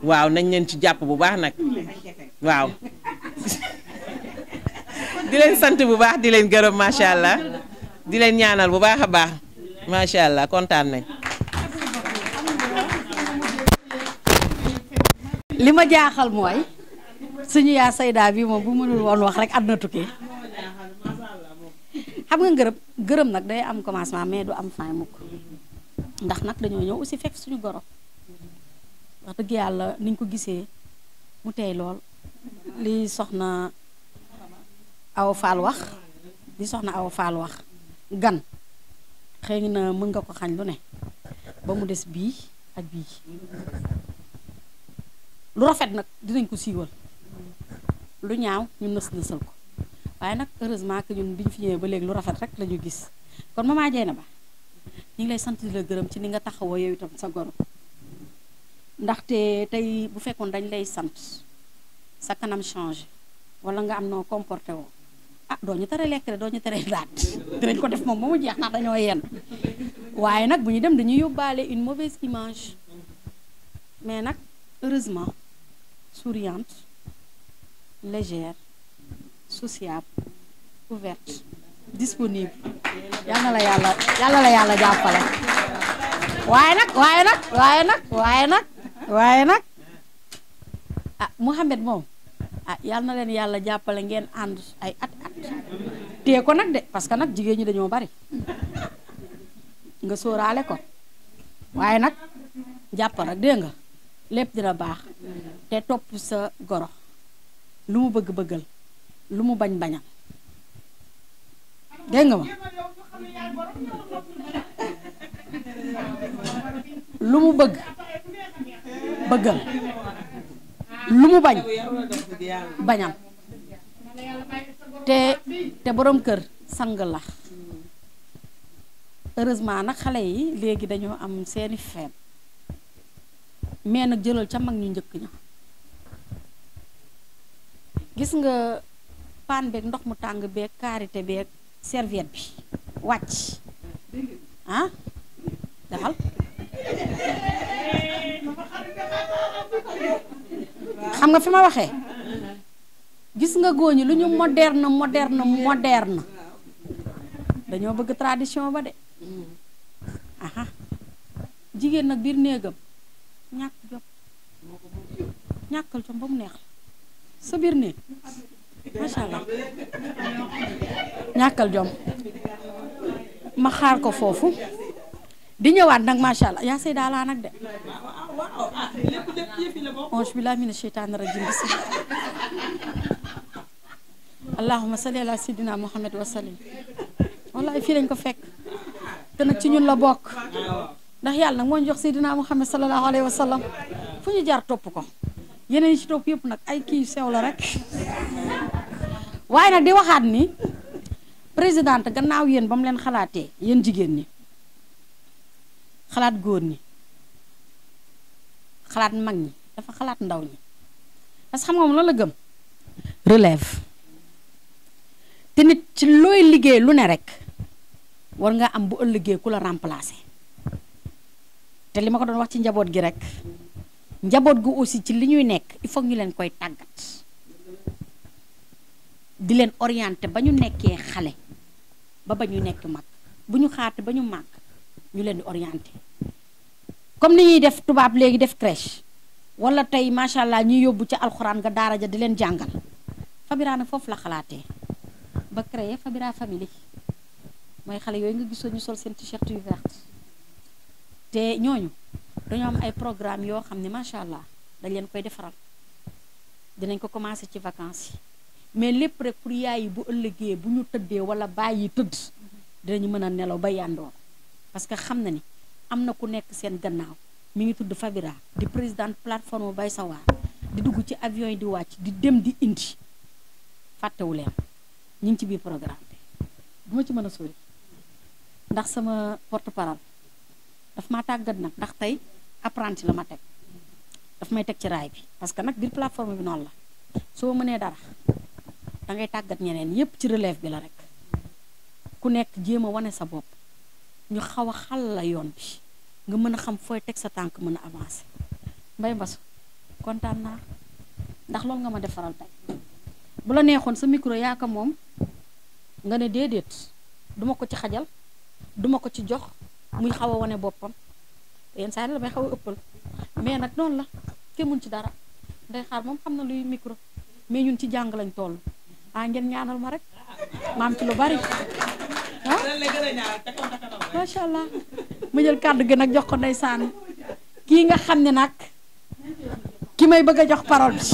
waaw nañ leen ci jàpp bu baax nag waaw di leen sant bu baax di leen gërëm macha allah di leen ñaanal bu baax a baax macha allah kontaan nañ. li ma jaaxal mooy suñu yaa sayda bi moom bu mënul woon wax rek àdduna tukki xam nga ngërëm gërëm nak day am commencement mais du am fin mukk ndax nak dañu ñew aussi fekk suñu goro wax deug yalla niñ ko gisee mu tay lool li soxna aw faal wax li soxna aw faal wax gan xeyna na mën nga ko xagn lu ne ba mu des bi ak bi lu rafet nak dinañ ko siiwal lu ñaaw ñu nës nësal ko waaye nag heureusement que ñun bi ñu fi ñëwee ba léegi lu rafet rek la ñu gis kon maman Dieynaba ñu ngi lay sant di la gërëm ci ni nga taxawoo yow itam sa goro ndaxte tey bu fekkoon dañ lay sant sa kanam changer wala nga am noo comporté woo ah doo ñu tere lekk de doo ñu tere daat nañ ko def moom ba mu jeex ndax dañoo yenn waaye nag bu ñu dem dañuy yóbbaale une mauvaise image mais nag heureusement souriante légère susiap ouverte disponible yal na la yàlla yàlla la yàlla jàppale waaye nag waaye Muhammad waaye nag waaye nag waaye nag ah Mouhamed moom ah yal na leen yàlla jàppale ngeen ay at at tee ko nag de parce que nag jigéen ñi dañoo bari nga sóoraale ko waaye nag rek nga lépp dina baax te topp sa goro lu mu bëgg-bëggal lu mu bañ baña dégg nga ma lu mu bëgg bëggal lu mu bañ bañam té té borom kër sang la heureusement nak xalé yi légui dañu am seeni feeb mais nak jëlal ca mag ñu ñëk ñu gis nga pan bek ndox mu tang beeg carité be serviette bi wacc ah dal xam nga fima waxe gis nga goñu lu moderne moderne moderne dañu bëgg tradition ba de aha jigen nak bir néegam ñak jop ñakal ci mbum neex sa bir macha allah jom ma xaar ko foofu di ñëwaat nag macha allah yaa say daalaa nag de ange billahi mina sheytaani rajim bisi allahumma salli ala sidina muhammad wa sallim wallaay fii lañ ko fekk te nag ci ñun la sidina muhammad sallallahu alaihi wasallam punya jar top yeneen yi ci topp yëpp nag ay kii sew la rek waaye nag di waxaat ni présidente gannaaw yéen ba mu leen xalaatee yéen jigéen ñi xalaat góor ñi xalaat mag ñi dafa xalaat ndaw ñi parce que xam nga moom la gëm relève te nit ci looy liggéey lu ne rek war nga am bu ëllëgee ku la remplacer te li ma ko doon wax ci njaboot gi rek. njabot gu aussi ci li ñuy nekk il faut ñu leen koy tagat di leen orienter bañu nekké xalé ba bañu ñu nekk mag bu ñu xaate ba ñu leen di comme ni ñuy def tubab légui def crèche wala tay machallah allah ñuy yóbbu ca alxuraan nga daara ja di leen jangal fabirana fofu la xalaté ba créer Fabira family moy xalé yoy nga gisoon ñu sol sen t-shirt yu verte té ñoñu dañoo am ay programme yoo xam ne macha allah dañ leen koy defaral dinañ ko commencé ci vacances yi mais lépp rek pour yaay yi bu ëllëgee bu ñu tëddee wala bàyyi tëdd dinañu mën a nelaw ba yàndoor parce que xam na ni am na ku nekk seen gannaaw mi ngi tudd Fabira di présidente plateforme Bay Sawaar di dugg ci avion yi di wàcc di dem di indi fàttewu leen ñu ngi ci biir programme bi du ci mën a sori ndax sama porte parole daf ma tagat tak ndax tay apprenti la ma tek daf may tek ci ray bi parce que nak bir plateforme bi non la so mënee dara da ngay tagat ñeneen yépp ci relève bi la rek ku nekk jema wone sa bop ñu xawa xal la yoon bi nga mën a xam foy tek sa tank mën a avancer mbay mbass contant na ndax lool nga ma defaral tay bu la neexon sa micro ya ka mom nga ne dedet duma ko ci xajal duma ko ci jox muy xaw a wane boppam yenn saa yi damay xaw a ëppal mais nag noonu la te mun ci dara ndey xaar moom xam na luy micro mais ñun ci jàng lañ toll ah ngeen ñaanal ma rek maam ci lu bari ah macha allah ma jël kàddu gi nag jox ko ndeysaan kii nga xam ne ki may bëgg a jox parole bi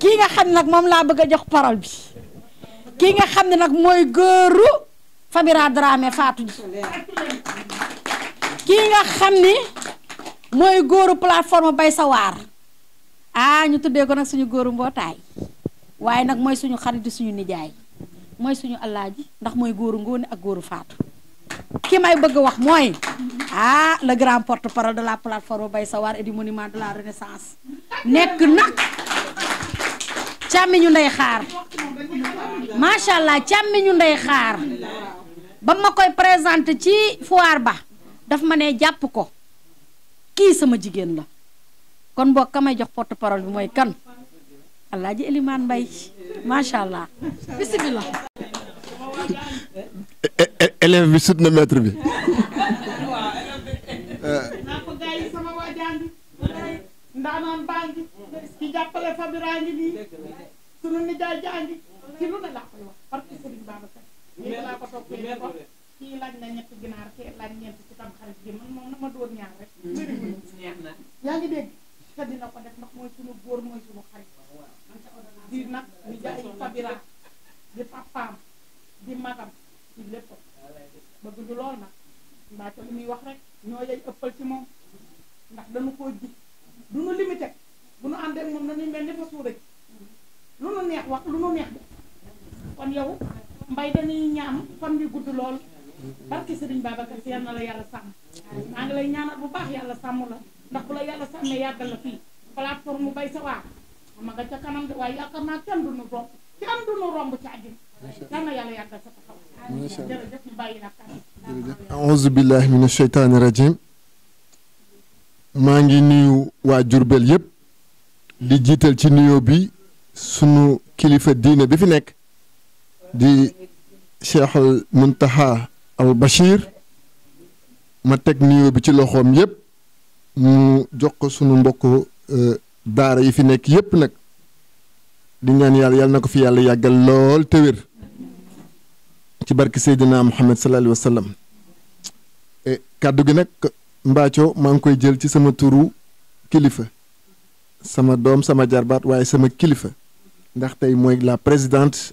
kii nga xam ne nag moom bëgg jox parole bi kii nga xam ne nag mooy Fabira Dramé Fatou ki nga xamni ni goru plateforme bay sawar ah ñu tuddé ko nak suñu goru mbotay waye nak moy suñu xarit suñu nijaay moy suñu alaaji ndax moy goru ngone ak goru faatu ki may bëgg wax moy ah le grand porte parole de la plateforme bay sawar et du monument de la renaissance nekk nak càmmiñu ndey xaar macha allah càmmiñu ndey xaar ba ma koy présenter ci foire ba daf mané japp ko ki sama jigen la kon bok kamay jox porte parole bi moy kan Alaaji eliman Mbay macha allah bisimilah. E, e, élève bi sut na maître bi. ndaamaan baa ci sunu nijaay jaa ngi ci lu ne wax parce que Baba mais laa ko toppee ne kii laaj na ñetti ginaar kii laaj ñeent ci tam xarit gi man moom na ma dóor ñaar rek. bëriwul mm. na yaa ngi dégg. te dina ko def ndax mooy suñu góor mooy suñu xarit. di nag di jaay Fabira di papaam di magam ci lépp ba du lool nag mbaa te muy wax rek ñoo yay ëppal ci moom ndax dañu koo ji du nu limité bu nu àndee moom dañuy mel ni fa suure lu nu neex wax lu nu neex def kon yow. mbay dañuy ñaan fan bi gudd lool barki sëriñ Babacar si yal na la yàlla sàmm maa ngi lay ñaanal bu baax yàlla sàmm la ndax bu la yàlla sàmmee yàggal la fii plateforme Bay sa waar ma ca kanam de waaye nu yàggal sa taxaw jërëjëf ñu bàyyi la jërëjëf aouzu billahi mina sheytaani ngi nuyu waa Jurbel yëpp di jiital ci nuyoo bi sunu kilifa diine bi fi nekk di Cheikhul Muntaha al Bachir ma teg nuyoo bi ci loxoom yëpp mu jox ko sunu mbokk e, daara yi fi nekk yëpp nag di ñaan yàlla yàlla na ko fi yàlla yàggal lool te ci barke Seydina Muhammad sallallahu alayhi wa sallam e, kàddu gi nag Mbaaco maa ngi koy jël ci sama turu kilifa sama doom sama jarbaat waaye sama kilifa ndax tey mooy la présidente.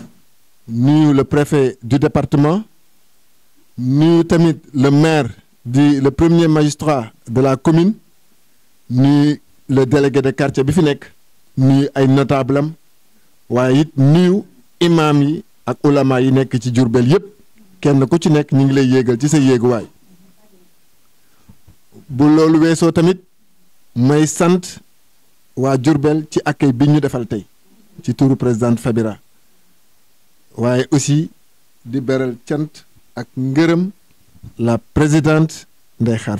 ni le préfet du département ni le maire du le premier magistrat de la commune ni le délégué de quartier Bifinek, ni un notable nous waaye les yi ak ulama yi nous, ci djourbel que kenn ko ci nek ngi lay ci sa tamit may sante wa Jurbel ci accueil ci Fabira waaye aussi di beral ak la présidente de Khar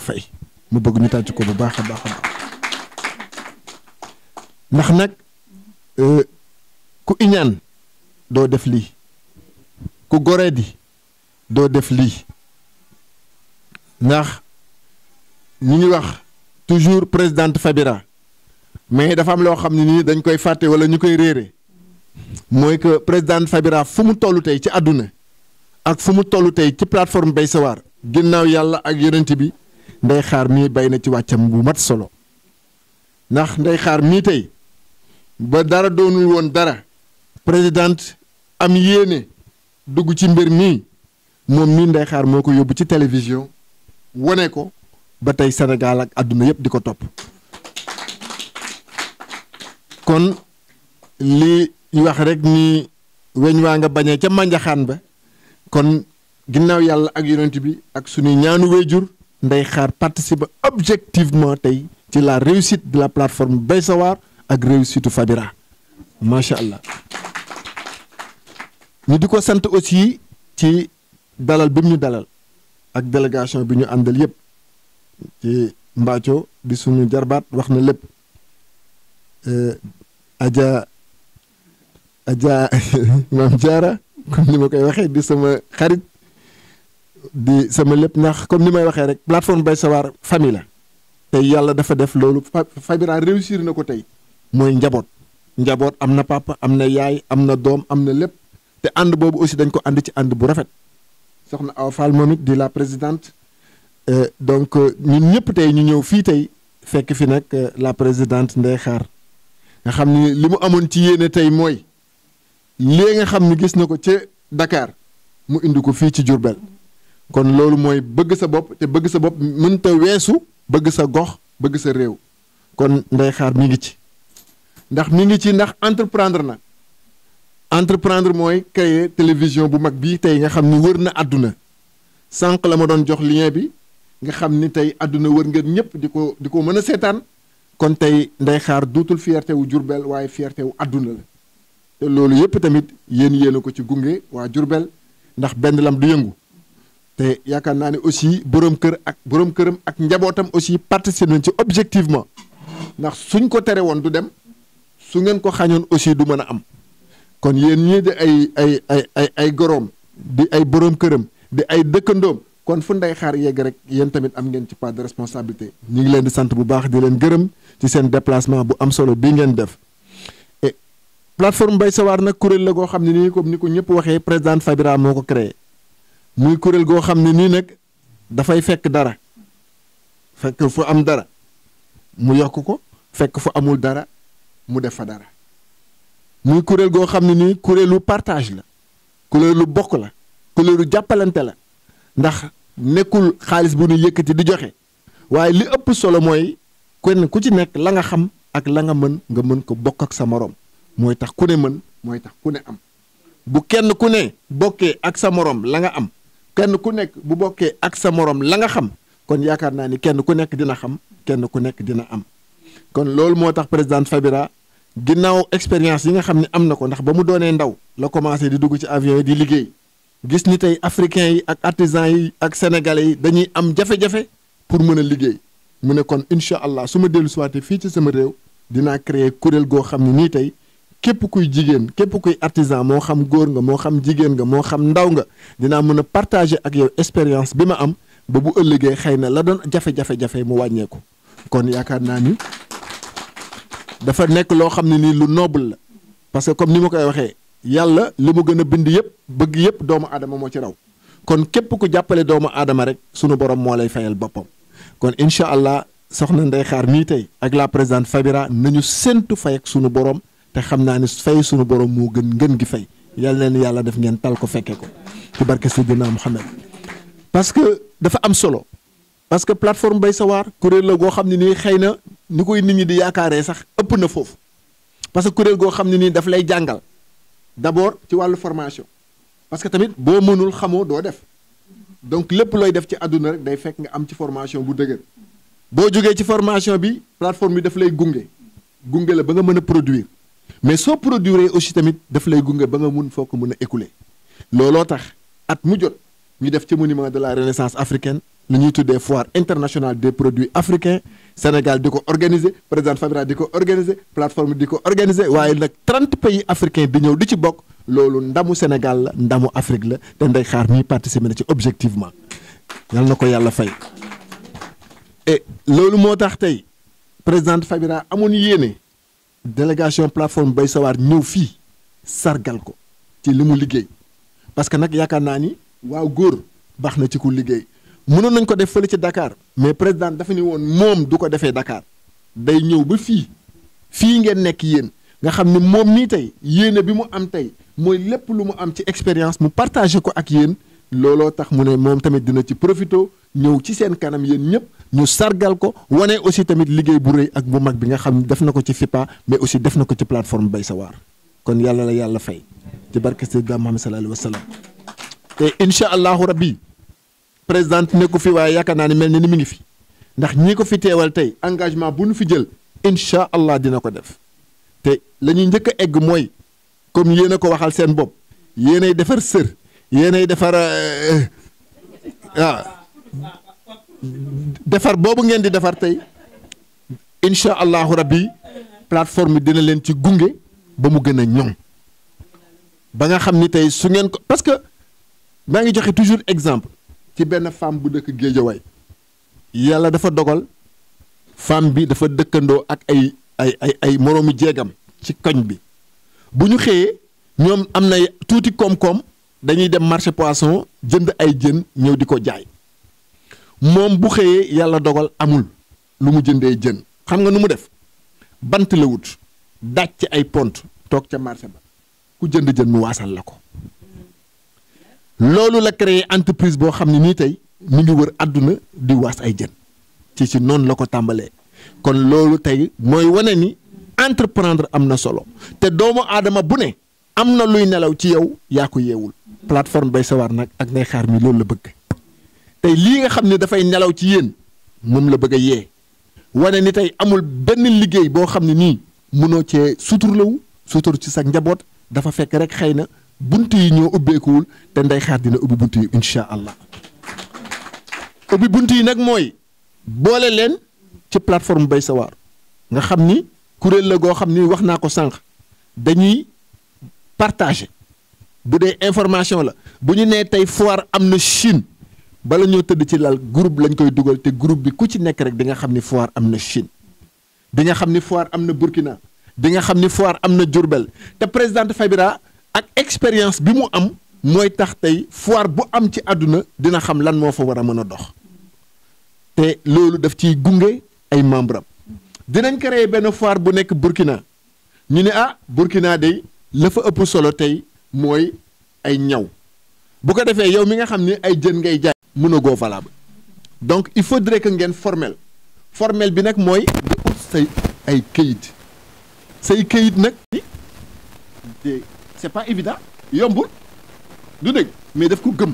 mu bëgg ñu tàcc ko bu baax a baax a baax euh, ku def ku def toujours présidente Fabira mais dafa am ne dañ koy fàtte wala koy mooy que président Fabira fu mu tollu tey ci àdduna ak fu mu toll tey ci plateforme Bay Sa ginnaaw yàlla ak yonent bi Ndeye xaar mii bay na ci wàccam bu mat solo ndax Ndeye xaar mii tey ba dara doonul woon dara président am yéene dugg ci mbir mii moom mii Ndeye Khar moo ko yóbbu ci télévision wone ko ba tey senegal ak àdduna yépp di ko topp kon li wax rek ni weñ wa nga bañee ca ba kon ginnaw yalla ak yonent bi ak suñu ñaanu wéjur ndey xaar participer objectivement tay ci la réussite de la plateforme Baysawar ak réussite ma sha allah ni diko sante aussi ci dalal bimu dalal ak délégation bi ñu àndal yépp ci mbaccio di suñu jarbat waxna lepp euh aja Adja maam Diarra comme ni ma koy waxee di sama xarit di sama lépp ndax comme ni may waxee rek plateforme Bay sawar War famille la tey yàlla dafa def loolu Fabira réussir na ko tey mooy njaboot njaboot am na papa am na yaay am na doom am na lépp te ànd boobu aussi dañ ko ànd ci ànd bu rafet soxna Awa Fall moom di la présidente euh, donc euh, ñun ñëpp tey ñu ñëw fii tey fekk fi nag euh, la présidente Ndeye Khar nga xam ni li mu amoon ci yéene tey mooy lii nga xam ni gis na ko ca Dakar mu indi ko fii ci Diourbel kon loolu mooy bëgg sa bopp te bëgg sa bopp mënta weesu bëgg sa gox bëgg sa réew kon Ndeye Khar mi ngi ci ndax mi ngi ci ndax entreprendre na entreprendre mooy créer télévision bu mag bii tey nga xam ni wër na àdduna sànq la ma doon jox lien bi nga xam ni tey àdduna wër ngeen ñëpp di ko di ko mën a seetaan kon tey Ndeye xaar duutul fierté wu Diourbel waaye fierté wu àdduna la te loolu yëpp tamit yéen yéen ko ci gunge waa Jurbel ndax benn lam du yëngu te yaakaar naa ne aussi borom kër ak borom këram ak njabootam aussi participer nañ ci objectivement ndax suñ ko tere woon du dem su ngeen ko xañoon aussi du mën a am kon yéen ñii di ay ay ay ay ay goroom di ay borom këram di ay dëkkandoom kon fu nday xaar yegg rek yéen tamit am ngeen ci part de responsabilité ñu ngi leen di sant bu baax di leen gërëm ci seen déplacement bu am solo bii ngeen def plateforme Bay Sa nak kurel la go xamni ni comme ni ko ñëpp waxee président Fabira moko créer muy kurel go xamni ni nak da fay fekk dara fekk fu am dara mu yok ko fekk fu amul dara mu def fa dara muy kurel go xamni ni nii partage la kurelu bokk la kuréelu jappalante la ndax nekul xaliss bu ñu yëkëti di joxe waye li ëpp solo moy kenn ku ci nekk la nga xam ak la nga mën nga mën ko bokk ak sa morom mooy tax ku ne mën mooy tax ku ne am bu kenn ku ne bokkee ak sa morom la nga am kenn ku nekk bu bokkee ak sa morom la nga xam kon yaakaar naa ni kenn ku nekk dina xam kenn ku nekk dina am kon loolu moo tax présidente Fabira ginnaaw expérience yi nga xam ne am na ko ndax ba mu doonee ndaw la commencé di dugg ci avion yi di liggéey gis ni tey africains yi ak artisans yi ak sénégalais yi dañuy am jafe-jafe pour mën a liggéey mu ne kon incha allah su ma dellu siwaate fii ci sama réew dinaa créer kuréel goo xam ne nii tey képp kuy jigéen képp kuy artisan moo xam góor nga moo xam jigéen nga moo xam ndaw nga dinaa mën a partager ak yow expérience bi ma am ba bu ëllëgee xëy na la doon jafe-jafe-jafe mu wàññeeku kon yaakaar naa ni dafa nekk loo xam ne nii lu noble la parce que comme ni ma koy waxee yàlla li mu gën a bind yëpp bëgg yëpp doomu aadama moo ci raw kon képp ku jàppale doomu aadama rek sunu borom moo lay fayal boppam kon incha allah soxna Ndeye xaar mii tey ak la présidente Fabira nañu séntu fay ak sunu borom. te xam naa ne fay sunu borom moo gën ngeen gi fay yàlla leen yàlla def ngeen tal ko fekkee ko ci barke Seydina Mouhamed parce que dafa am solo parce que plateforme Bay Sa kuréel la goo xam ne nii xëy na ni koy nit ñi di yaakaaree sax ëpp na foofu parce que kuréel goo xam ne nii daf lay jàngal d'abord ci wàllu formation parce que tamit boo mënul xamoo doo def donc lépp looy def ci àdduna rek day fekk nga am ci formation bu dëgër boo jógee ci formation bi plateforme bi daf lay gunge gunge la ba nga mën a produire mais ce produire aussi tamit daf lay gunge ba nga mën foko mëna écouler lolo tax at mu ñu monument de la renaissance africaine lu ñuy des foire internationale des produits africains Sénégal diko organisé, organiser président Fabira diko organisé, organiser plateforme diko organiser y nak 30 pays africains di ont di ci le lolu ndamu Sénégal la ndamu Afrique la xaar ñi participer ci objectivement yalla nako yalla fay et lolu motax tay président présidente Fabira délégation plateforme Bay Sawar ñëw fii sargal ko ci li mu liggéey parce que nag yaakaar naa ni waaw góor baax na ci ku liggéey mënoon nañ ko def fële ci dakaar mais président dafa ni woon moom du ko defee dakaar day ñëw ba fii fii ngeen nekk yéen nga xam ne moom nii tey yéene bi mu am tey mooy lépp lu mu am ci expérience mu partagé ko ak yéen looloo tax mu ne moom tamit dina ci profito ñëw ci seen kanam yéen ñëpp ñu sargal ko wane aussi tamit liggéey bu rëy ak bu mag bi nga xam def na ko ci FIPA mais aussi def na ko ci plateforme Bay Sa Waar kon yàlla la yàlla fay ci barke Seydina Muhammad sallallahu alayhi wa sallam te incha allahu rabbi présidente nekku fi waaye yaakaar naa ne mel na ni mu ngi fi ndax ñi ko fi teewal tey engagement bu nu fi jël incha allah dina ko def te la ñuy njëkk a egg mooy comme yéen a ko waxal seen bopp yéenay defar sër yéenay defar euh, euh, ah. defar boobu ngeen di defar tey incha allahu rabbi plateforme dina leen ci gunge ba mu gën a ñoŋ ba nga xam ni tey su ngeen ko parce que maa ngi joxe toujours exemple ci benn femme bu dëkk Géejawaay yàlla dafa dogal femme bi dafa dëkkandoo ak ay ay ay ay moroomu jéegam ci koñ bi bu ñu xëyee ñoom am na tuuti koom-koom dañuy dem marché poisson jënd ay jën ñëw di ko jaay. moom bu xëyee yàlla dogal amul lu mu jëndee jën xam nga nu mu def bant la wut daaj ci ay pont toog ca marché ba ku jënd jën mu waasal la ko loolu la créer entreprise boo xam ne nii tey mi ngi wër àdduna di waas ay jën ci ci noonu la ko tàmbalee kon loolu tey mooy wane ni entreprendre am na solo te doomu aadama bu ne am na luy nelaw ci yow yaa ko yeewul plateforme Bay Sa War nag ak Ndeye Khar mi loolu la bëgg tey lii nga xam ne dafay nelaw ci yéen moom la bëgg a yee wane ni tey amul benn liggéey boo xam ne nii munoo cee suturlawu sutur ci sa njaboot dafa fekk rek xëy na bunt yi ñoo ubbeekuwul te ndey xaar dina ubbi bunt yi incha allah ubbi bunt yi nag mooy boole leen ci plateforme Bay Sa Waar nga xam ni kuréel la goo xam ni wax naa ko sànq dañuy partager bu dee information la bu ñu nee tey foire am na Chine. bala ñoo tëdd ci lal groupe lañ koy dugal te groupe bi ku ci nekk rek di nga xam ni foire am na Chine di nga xam ni foire am na Burkina di nga xam ni foire am na Diourbel te présidente Fabira ak expérience bi mu am mooy tax tey foire bu am ci àdduna dina xam lan moo fa war a mën a dox te loolu daf ciy gunge ay membre am dinañ créer benn foire bu nekk Burkina ñu ne ah Burkina day la fa ëpp solo tey mooy ay ñaw bu ko defee yow mi nga xam ni ay jën ngay jaay mën a goo valable donc il faudrait que ngeen formel formel bi nag mooy nga ut say ay këyit say këyit nag c'est pas évident yombul du dëgg mais daf ko gëm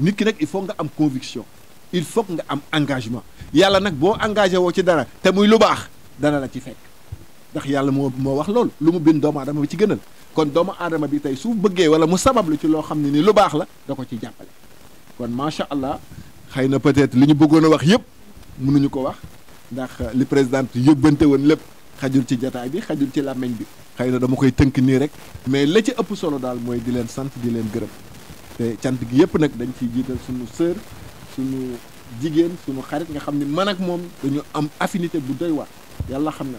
nit ki nag il faut nga am conviction il faut nga am engagement yàlla nag boo engagé woo ci dara te muy lu baax dana la ci fekk ndax yàlla moo moo wax lool lu mu bind doomu aadama bi ci gënal kon doomu aadama bi tey su bëggee wala mu sabablu ci loo xam ne ni lu baax la da ko ci jàppale kon macha allah xëy na peut-être li ñu bëggoon a wax yëpp mënuñu ko wax ndax li présidente yóbbante woon lépp xajul ci jataay bi xajul ci làmmiñ bi xëy na dama koy tënk nii rek mais la ci ëpp solo daal mooy di leen sant di leen gërëm te cant gi yëpp nag dañ ciy jiital suñu sœur suñu jigéen suñu xarit nga xam ne man moom dañu am affinité bu doy waar yàlla xam na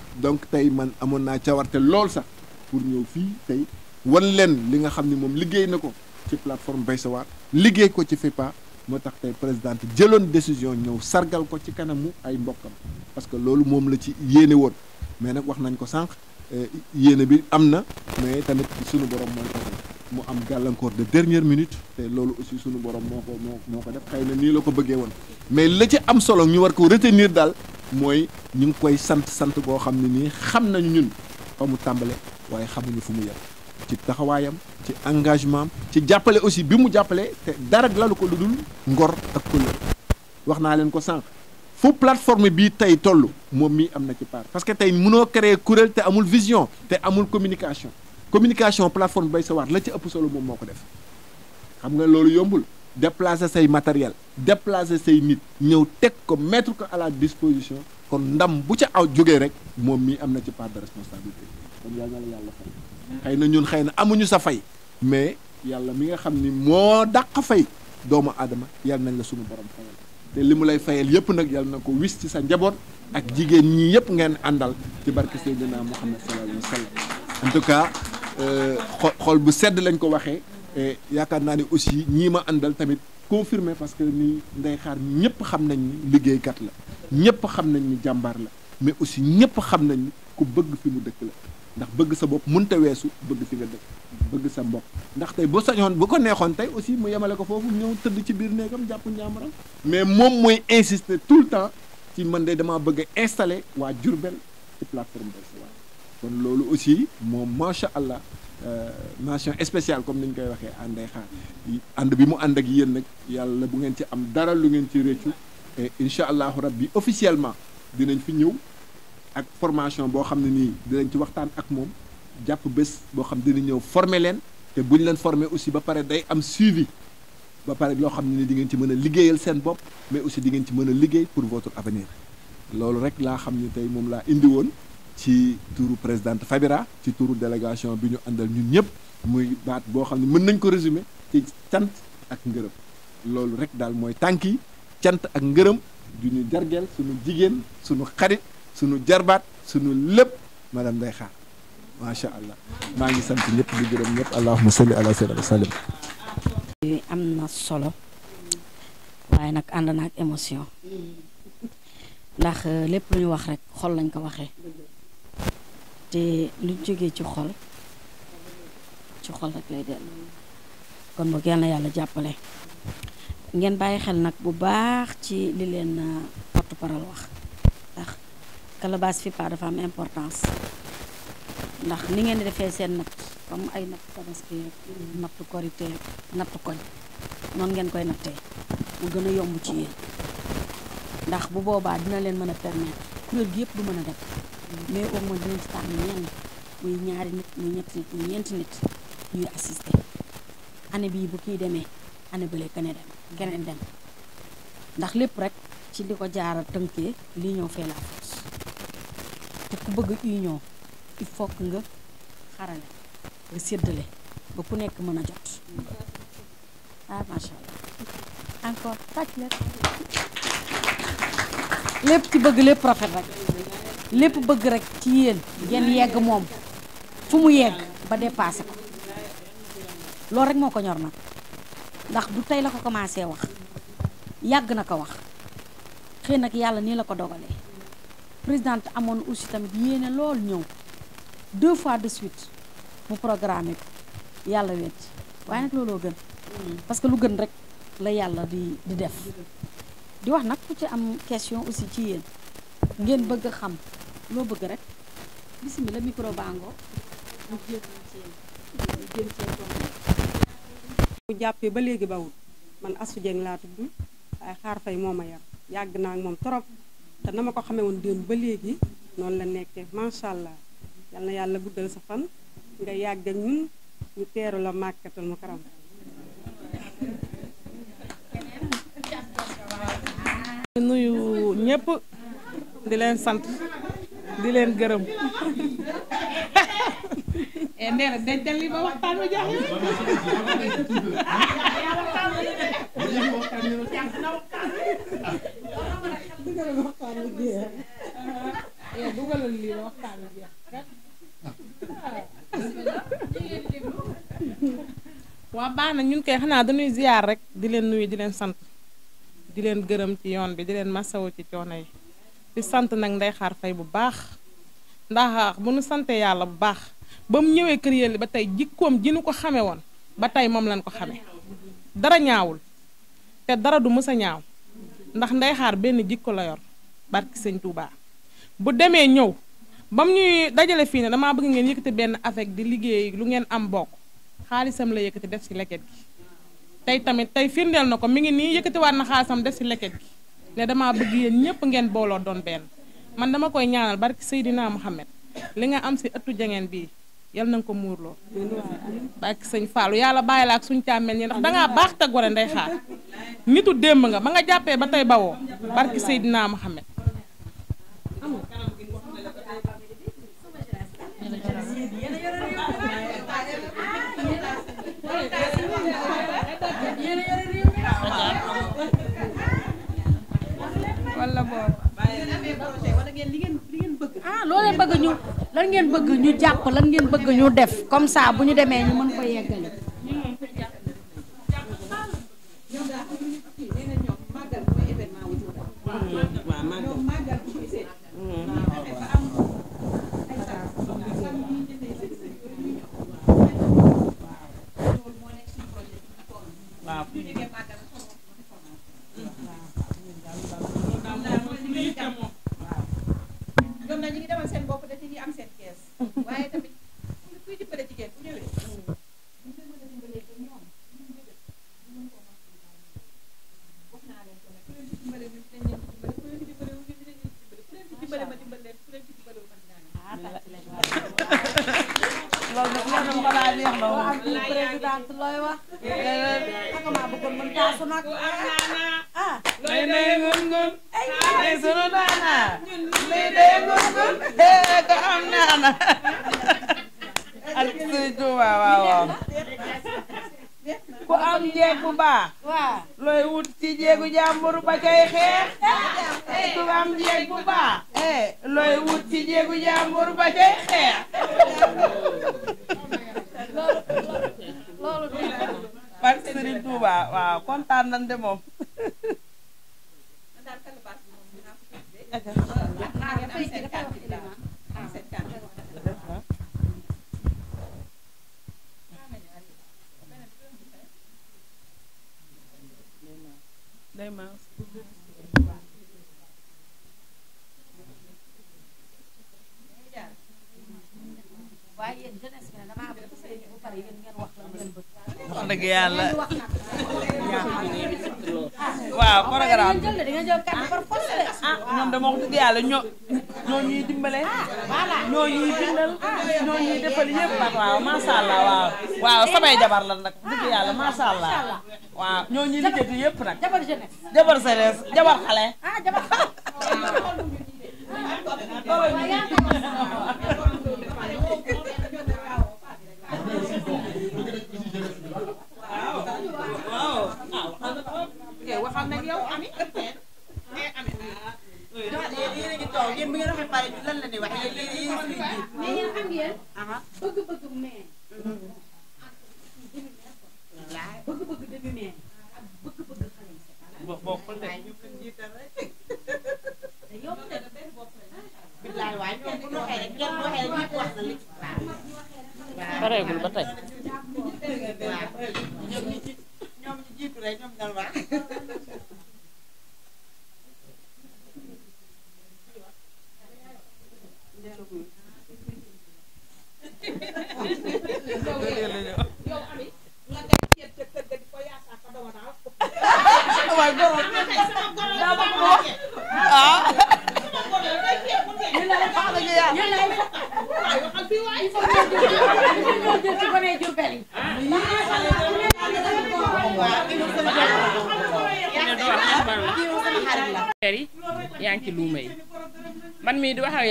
donc tey man amoon naa cawarte lool sax pour ñëw fii tey wan leen li nga xam ni moom liggéey na ko ci plateforme Bay Sa Waar liggéey ko ci FEPA moo tax tey présidente jëloon décision ñëw sargal ko ci kanamu ay mbokkam parce que loolu moom la ci yéene woon mais nag wax nañ ko sànq eh, yéene bi am na mais tamit sunu borom mooy mu am gàllankoor de dernière minute loolu aussi sunu borom moo ko moo moo ko def xëy na nii la ko bëggee woon mais la ci am solo ñu war ko retenir daal moy ñu ngi koy sant sant boo xam ne nii xam nañu ñun amu mu tàmbale waaye xamuñu fu mu yem ci taxawaayam ci engagement ci jàppale aussi bi mu jàppale te dara lalu ko lu dul ngor ak kóllëre wax naa leen ko sànq fu plateforme bi tey toll moom mii am na ci part parce que tey mënoo créer kuréel te amul vision te amul communication communication plateforme Bay Sa War la ci ëpp solo moom moo ko def xam nga loolu yombul déplacer ses matériels, déplacer ses nit nous teg ko mettre à la disposition kon ndam bu ci aw rek ci de responsabilité kon yalla la yalla fay ñun xeyna amuñu sa fay mais yalla mi nga xam ni fay doomu adama yalla nañ la suñu borom fayal te limu lay fayal yépp nak yalla ko ci sa njabot ak ñi ngeen ci sallallahu alayhi en tout cas euh, xol bu sedd lañ ko et yaakaar aussi ñii ma tamit confirmé parce que ni nday xaar ñëpp xam ni la ñëpp xam mais aussi ñëpp xam nañ ku bëgg fi mu dëkk la ndax bëgg sa bopp weesu bëgg fi nga bëgg sa mbokk ndax tey bu bu ko aussi mu yemale ko foofu ñëw tëdd ci biir néegam jàpp mais moom insister tout le temps ci man de dama bëgg waa ci plateforme kon loolu aussi moom macha allah Euh, mention spéciale comme ni ñu koy waxee ànday xaar ànd bi mu ànd ak yéen nag yàlla bu ngeen ci am dara lu ngeen ci réccu et incha rab bi officiellement dinañ fi ñëw ak formation boo xam ne nii dinañ ci waxtaan ak moom jàpp bés boo xam dina ñëw former leen te buñ leen former aussi ba pare day am suivi ba pare loo xam ne ni di ngeen ci mën a liggéeyal seen bopp mais aussi di ngeen ci mën a liggéey pour votre avenir loolu rek laa xam ne tey moom laa indi woon ci turu présidente Fabira ci turu délégation bi ñu àndal ñun ñëpp muy baat boo xam ne mën nañ ko résumer ci cant ak ngërëm loolu rek daal mooy tànk yi cant ak ngërëm du ñu jargeel suñu jigéen suñu xarit sunu jarbaat suñu lépp madame Ndeye Khar macha allah maa ngi sant ñëpp di gërëm ñëpp allahumma salli ala sayyidina sallam am na solo waaye nag ànd na ak émotion ndax eh, lépp lu wax rek xol lañ ko waxee te lu jógee ci xol ci xol rek lay dellu kon boog yal yalla yàlla ngeen bàyyi xel nak bu baax ci li len euh, porte parole wax ndax fi pa dafa am importance ndax ni ngeen defé sen nak comme ay nak tabaski nak nattu korité nak nattu koñ non ngeen koy naté mu gëna yomb ci yeen ndax bu boba dina len mëna permettre kuréel gi yëpp du mën def mais au moins dinañ tànn ñenn muy ñaari nit muy ñeenti nit ñuy assister année bii bu kiy demee année bële keneen dem keneen dem ndax lépp rek ci li ko jaara tënkee l'union fait la force te ku bëgg union il faut nga xarale nga séddale ba ku nekk mën a jot ah macha allah lépp ci bëgg lépp rafet rek lépp bëgg rek ci yéen ngeen yegg moom fu mu yegg ba dépassé ko loolu rek moo ko ñor nag ndax du tey la ko commencé wax yàgg na ko wax xëy nag yàlla nii la ko dogale présidente amoon aussi tamit yéene lool ñëw deux fois de suite mu programmé ko yàlla wet waaye nag looloo gën parce que lu gën rek la yàlla di di def di wax nag ku ci am question aussi ci yéen ngeen bëgg xam lo bëgg rek bismillah micro bango ñu jéem ci ñu ci bu jàppee ba léegi bawul man Astou Dieng la tuddu ay xaar fay moma yar yag na ak mom torop té nama ko xamé won deen ba légui non la nekké ma sha allah yalla yalla guddal sa fan nga yag ak ñun ñu téru la màkkatal mukarram nuyu ñepp di leen sante di leen gërëm. Eh, na dencal li ba waa baax na ñun kay xanaa dañuy ziyaar rek di leen nuyu di leen sant di leen gërëm ci yoon bi di leen masawu ci coono yi. di sant nag Ndeye Khar Faye bu baax ndax bu nu sante yàlla bu baax ba mu ñëwee kër Yelli ba tey jikkoom ji nu ko xamee woon ba tey moom lañ ko xamee dara ñaawul te dara du mës a ñaaw ndax Ndeye Khar benn jikko la yor barki sëñ Touba bu demee ñëw ba mu ñuy dajale fii ne damaa bëgg ngeen yëkkati benn avec di liggéey lu ngeen am bokk xaalisam la yëkkati def si leket gi tey tamit tey firndeel na ko mi ngi nii yëkkatiwaat na xaalisam def si leket gi ne dama bëgg yeen ñëpp ngeen bolo doon ben man dama koy ñaanal barki sayidina muhammad li nga am ci ëttu jangeen bi yal nang nga ko muurloo barki sëñ fallu yalla bayila ak suñ càmmel ñi ndax nga bax ta gore ndey xaar nitu demb nga ba nga jappé ba tay bawo barki wala boobu. ah loo leen bëgg ñu lan ngeen bëgg ñu jàpp lan ngeen bëgg ñu def comme ça bu ñu demee ñu mën ko yeggale. waaw ñu ngi demal seen bopp de te ñuy am seen kees waaye tamit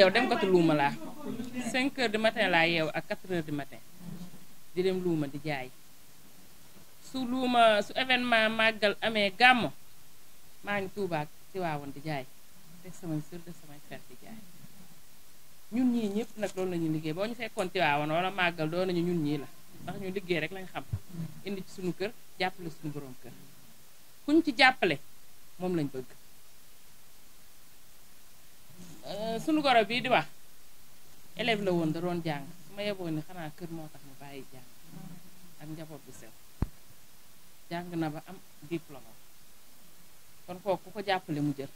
yow dem katu luuma laa 5 heures du matin laa yeew ak 4 heures du matin di dem luuma di jaay su luuma su événement màggal amee gàmm maa ngi tuubaak ci waawoon di jaay teg samay sër samay fer di jaay ñun ñii ñëpp nag loolu la ñuy liggéey boo ñu fekkoon ci waawoon wala màggal nañu ñun ñii la ndax ñu liggéey rek lañ xam indi ci suñu kër jàppale suñu boroom kër kuñ ci jàppale moom lañ bëgg Euh, sunu goro bii di wax élève la woon da doon jàng su ma yeboon ni xanaa kër moo tax mu bàyyi jàng ak njaboot bu sew jàng na ba am diplôme kon kooku ku ko jàppale mu jël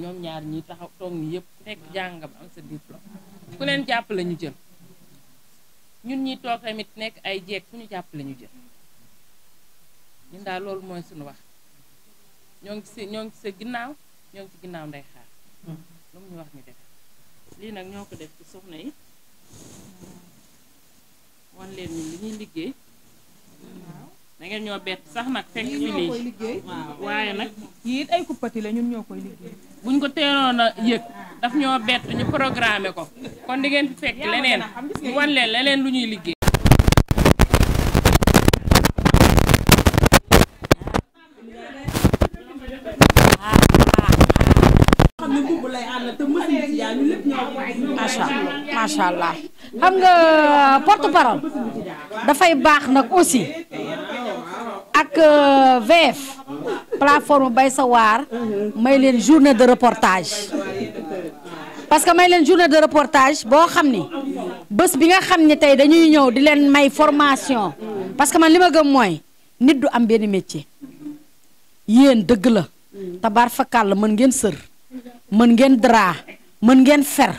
ñoom ñaar ñi taxaw toog ni yëpp ku am sa diplôme ku leen ñun ñi toog tamit nekk ay jeeg ku ñu jàppale ñu jël ñun daal loolu mooy suñu wax ñoo ngi ci ñoo sa ginnaaw ñoo ngi ci ginnaaw nday xaar lu mu ñu lii nag ñoo ko def ci soxna yi wan leen ñun li ñuy liggéey da ngeen ñoo bett sax nag fekk ñu lii waaye nag yii ay kuppati la ñun ñoo koy liggéey buñ ko teeloon a yëg daf ñoo bett ñu programmé ko kon di ngeen fi fekk leneen wan leen leneen lu ñuy liggéey macha allah macha allah xam nga porte parole dafay baax nag aussi ak euh, VF plateforme bay sa war may leen journée de reportage parce que may leen journée de reportage bo xam ni bés bi nga xam ne dañuy ñëw di leen may formation parce que man lima gëm nit du am benn métier yéen dëgg la tabaar fakàll ngeen sër mën ngeen mën ngeen fer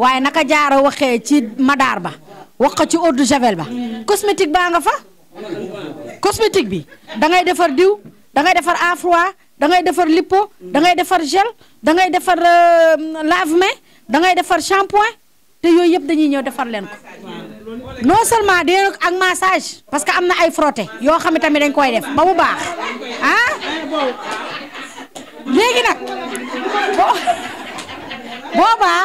waaye naka jaara waxee ci madaar ba wax ko ci eau de javel ba cosmétique baa nga fa cosmétique bi da ngay defar diw da defar à froid da ngay defar lipo da ngay defar gel da ngay defar euh, lave-mains da ngay defar shampoing te yooyu yëpp dañuy ñëw defar leen ko non seulement dee ak massage parce que am na ay frotté yoo xam ne tamit dañ koy def ba mu baax ah léegi nag boobaa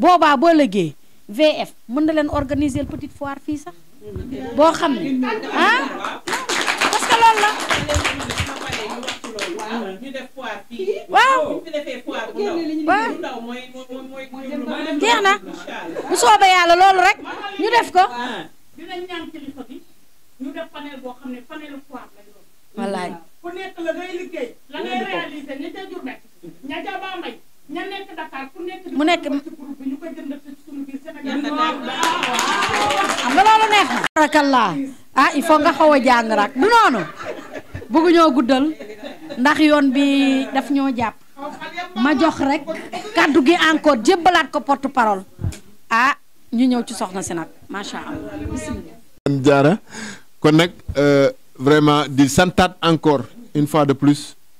boobaa boo lëggee VF mën na leen organiser petite foire fii sax boo xam ne ah parce que loolu la waaw waaw jeex na bu soobee yàlla loolu rek ñu def ko ñu def boo xam ne panel foire la wallaay ku la liggéey la mu nekk xam nga loolu neex na. barakallah ah, il faut nga xaw a jàng rak du noonu bëgguñoo guddal ndax yoon bi daf ñoo jàpp ma jox rek kàddu gi encore jébbalaat ko porte parole ah ñu ñëw ci soxna si nag macha allah jaara kon nag euh, vraiment di santaat encore une fois de plus.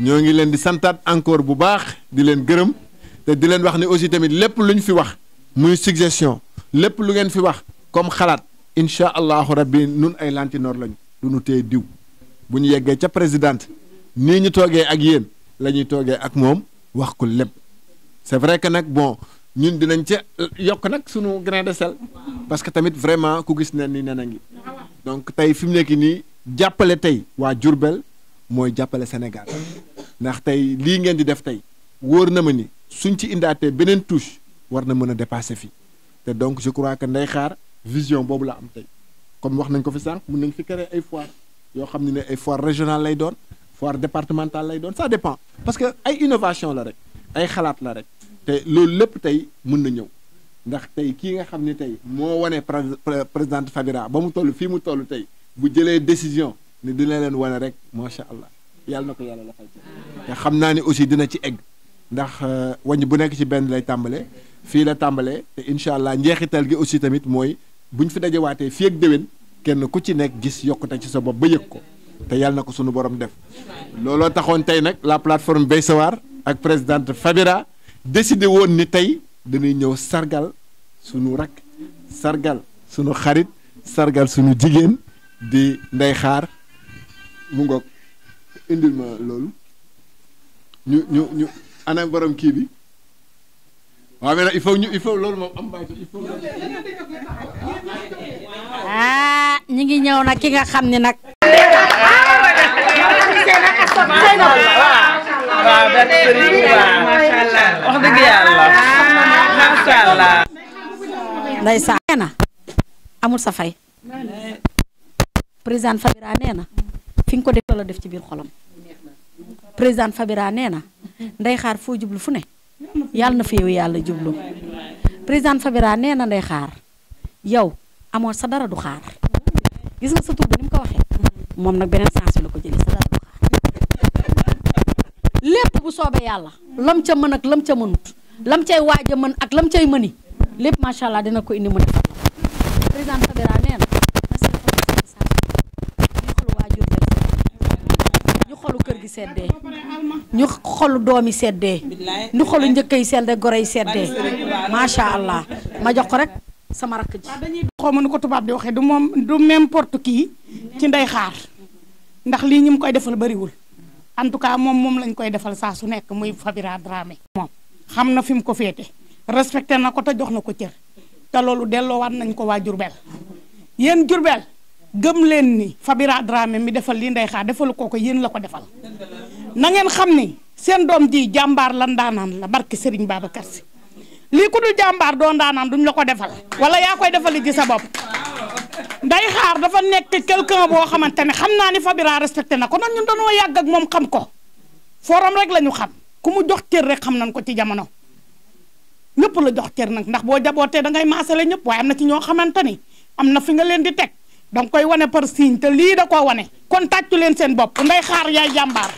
ñoo ngi leen di santaat encore bu baax di leen gërëm te di leen wax ne aussi tamit lépp lu ñu fi wax muy suggestion lépp lu ngeen fi wax comme xalaat incha allahu rabbi nun ay lantinoor lañu du ñu tee diw bu ñu yeggee ca présidente nii ñu toogee ak yéen la ñuy toogee ak moom wax ko lépp c'est vrai que nag bon ñun dinañ ca yokk nag sunu grain de sel parce que tamit vraiment ku gis ne ni nee na ngi donc tey fi mu nekk nii jàppale tey waa Jurbel moy jàppale Sénégal ndax tay li ngeen di def tay wóor na ma ni suñ ci indaatee beneen touche war na mën a dépasser fii te donc je crois que Ndeye xaar vision boobu la am tey comme wax nañ ko fi sànq mun nañ fi créer ay foire yoo xam ne ne ay foire régional lay doon foire départemental lay doon ça dépend parce que ay innovation la rek ay xalaat la rek te loolu lépp tey mën na ñëw ndax tey kii nga xam ne tey moo wane présidente Fabira ba mu toll fii mu toll tey bu jëlee décision ni dina leen wane rek macha allah yàlla na ko yàlla la fay te xam naa ni aussi dina ci egg ndax euh, wañ bu nekk ci benn lay tàmbale fii la tàmbalee te incha allah njeexital gi aussi tamit mooy bu ñu fi dajewaatee fii ak déwén kenn ku ci nekk gis yokkute ci sa bopp ba yëg ko te yàlla na ko sunu borom def looloo taxoon tey nag la plateforme Bay Sa War ak présidente Fabira décidé woon ni tey dañuy ñëw sargal sunu rak sargal sunu xarit sargal sunu jigéen di ndey xaar mu ngoog indi ma loolu ñu ñu ñu ana borom kii bi waaw mais nag il faut ñu il faut loolu moom am bàyyi il faut. ah ñu ngi ñëw nag ki nga xam ne nag. waaw benn allah wax dëgg nee na amul sa fay présidente Fabira nee na. fi nga ko def la def ci biir xolam président nee na ndey foo jublu fu ne yàlla na fa yàlla jublu président Fabira nee na ndey xaar yow amoon sa dara du xaar gis nga sa ko waxee nag beneen sens la ko jëlee sa lépp bu soobee yàlla lam ca mën ak lam ca mënut lam cay waaj a mën ak lam cay mëni lépp macha allah dina ko indi mu def président Fabira xolu kër gi sédé ñu xolu doomi sédé ñu xolu ñëkkay sédé goray sédé ma sha allah ma jox ko rek sama rak ji. dañuy xaw ko tubab di waxee du mom du porte qui ci nday xaar ndax li ñim koy defal wul en tout cas mom mom lañ koy defal sa su nekk muy Fabira Dramé. mom xamna fim ko fété respecté nako ta jox nako cër lolu wat nañ ko Jurbel yen Jurbel gëm leen ni Fabira Dramé mi defal lii ndey xaar defalu kooku yéen la ko defal na ngeen xam ni seen doom ji jàmbaar la ndaanaan la barke Serigne Babacar Sy lii ku dul jàmbaar doo ndaanaan duñ la ko defal wala yaa koy defali ji sa bopp ndey xaar dafa nekk quelqu'un boo xamante ne xam naa ni Fabira respecté na ko nag ñun dañoo yàgg ak moom xam ko forum rek la ñu xam ku mu jox cër rek xam nañ ko ci jamono ñëpp la jox cër nag ndax boo jabootee da ngay maasale ñëpp waaye na ci ñoo xamante ni am na fi nga leen di teg. danga koy wane par signe te li da koo wane kon tàccu len sen bop nday xaar yaay jambar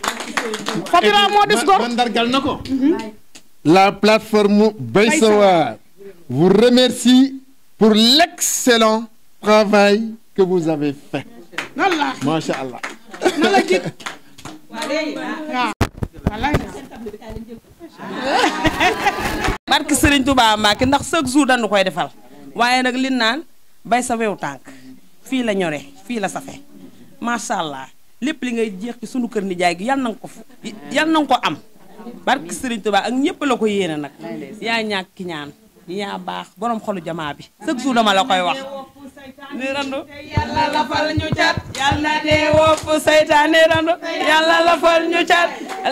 Fabira eh, mo des góor mandargal na mhm. la plateforme Bay vous remercie pour l'excellent travail que vous avez fait. Allah macha allah. na la jig. barke Serigne Touba Mbacke ndax chaque jour dañ koy defal waye nak li naan bay sa wew tànk. fii la ñore fii la safe macha allah lépp li ngay jeex ci sunu kër nijaay gi yal na nga ko yal na nga ko am barke Serigne Touba ak ñëpp la ko yéene nag yaa ñàkk ñaan yaa baax borom xolu jamaa bi chaque jour la koy wax ni randu yal na dee wopp ñu cat yal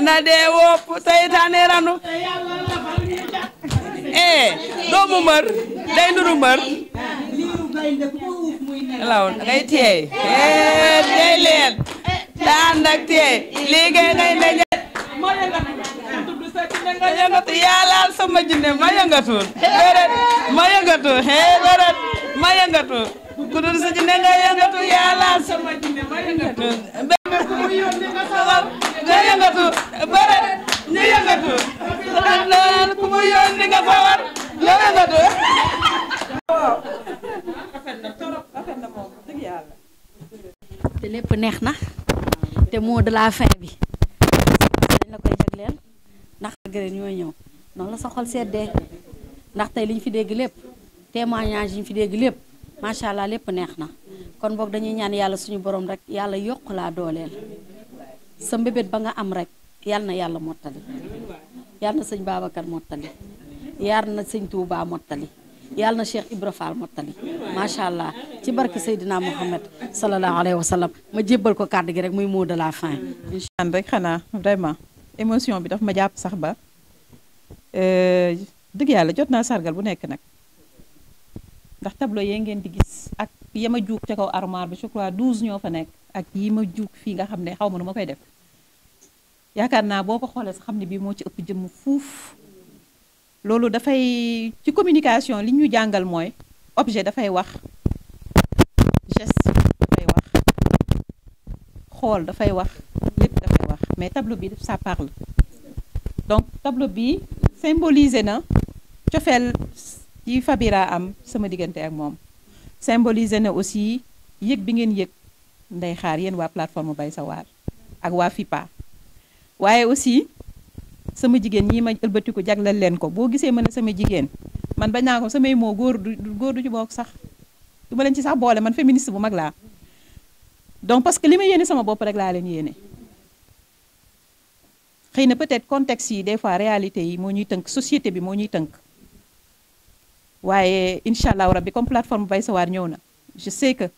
na dee wopp saytaane randu eh doomu mbër day nuru mbër law ngay teey eh teey leen daan ak teey liggéey ngay dañe ma yëngatu yaa laal sama jinne ma yëngatu déedéet ma yëngatu eh déedéet ma yëngatu ku dul sa jinne nga yëngatu yaa sama jinne ma yëngatu bare ñu yëngatu loolu ku nga yëngatu te lépp neex na te mot de la fin bi dañ la koy jagleel ndax gërëm ñoo ñëw noonu la sa xol ndax tey liñ fi dégg lépp témoignage yi fi dégg lépp macha allah lépp neex na kon boog dañuy ñaan yàlla suñu borom rek yàlla yokk laa dooleel sa mbébét ba nga am rek yàlla na yàlla mottali yàlla na sëñ Babacar mottali yàlla na sëñ Touba mottali yàlla na Cheikh Ibra Fall mottali macha allah ci barke Seydina Mohamed sallallahu alayhi wa sallam ma jébbal ko kàdd gi rek muy mot de la fin. incha rek xanaa vraiment émotion bi dafa ma jàpp sax ba euh, dëgg yàlla jot naa sargal bu nekk nag. ndax tableau yee ngeen di gis ak ya ma juug ca kaw armoire bi je crois douze ñoo fa nekk ak yi ma juug fii nga xam ne xaw ma nu ma koy def yaakaar naa boo ko xoolee sa xam ne bii moo ci ëpp jëmm fuuf loolu dafay ci communication li ñu jàngal mooy objet dafay wax geste dafay wax xool dafay wax lépp dafay wax mais tableau bi ça parle donc tableau bi symbolisé na cofeel yi Fabira am sama diggante ak mom symboliser né aussi yek bi ngeen yek nday xaar yéen wa plateforme Bay Sa war ak wa FIPA waaye aussi sama jigéen ñi ma ëlbatiku jagleel leen ko bo gisee mëna sama jigéen man bañ na ko samay mo góor du góor du ci bok sax du ma leen ci sax bolé man féministe bu mag la donc parce que limay ma sama bop rek la leen yéene xeyna peut-être contexte yi des fois réalité yi mo ñuy tënk société bi mo ñuy tënk waaye incha allahu rabbi comme plateforme Bay Sawar ñëw na je sais que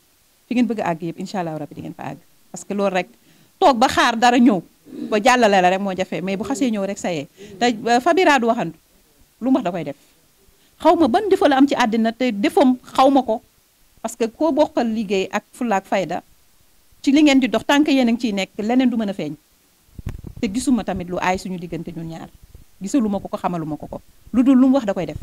fi ngeen bëgg a àgg yëpp incha allahu rabbi di ngeen fa àgg parce que loolu rek toog ba xaar dara ñëw ba jàllale la rek moo jafee mais bu xasee ñëw rek saye te euh, Fabira du waxantu lu mu wax da koy def xaw ma ban defa la am ci àddina te defam xaw ma ko parce que ko bokkal liggéey ak fulla fayda ci li ngeen di dox tant que yéen a ngi ciy nekk leneen du mën a feeñ te gisuma tamit lu aay suñu diggante ñun ñaar gisaluma ko ko xamaluma ko ko lu dul lu mu wax da koy def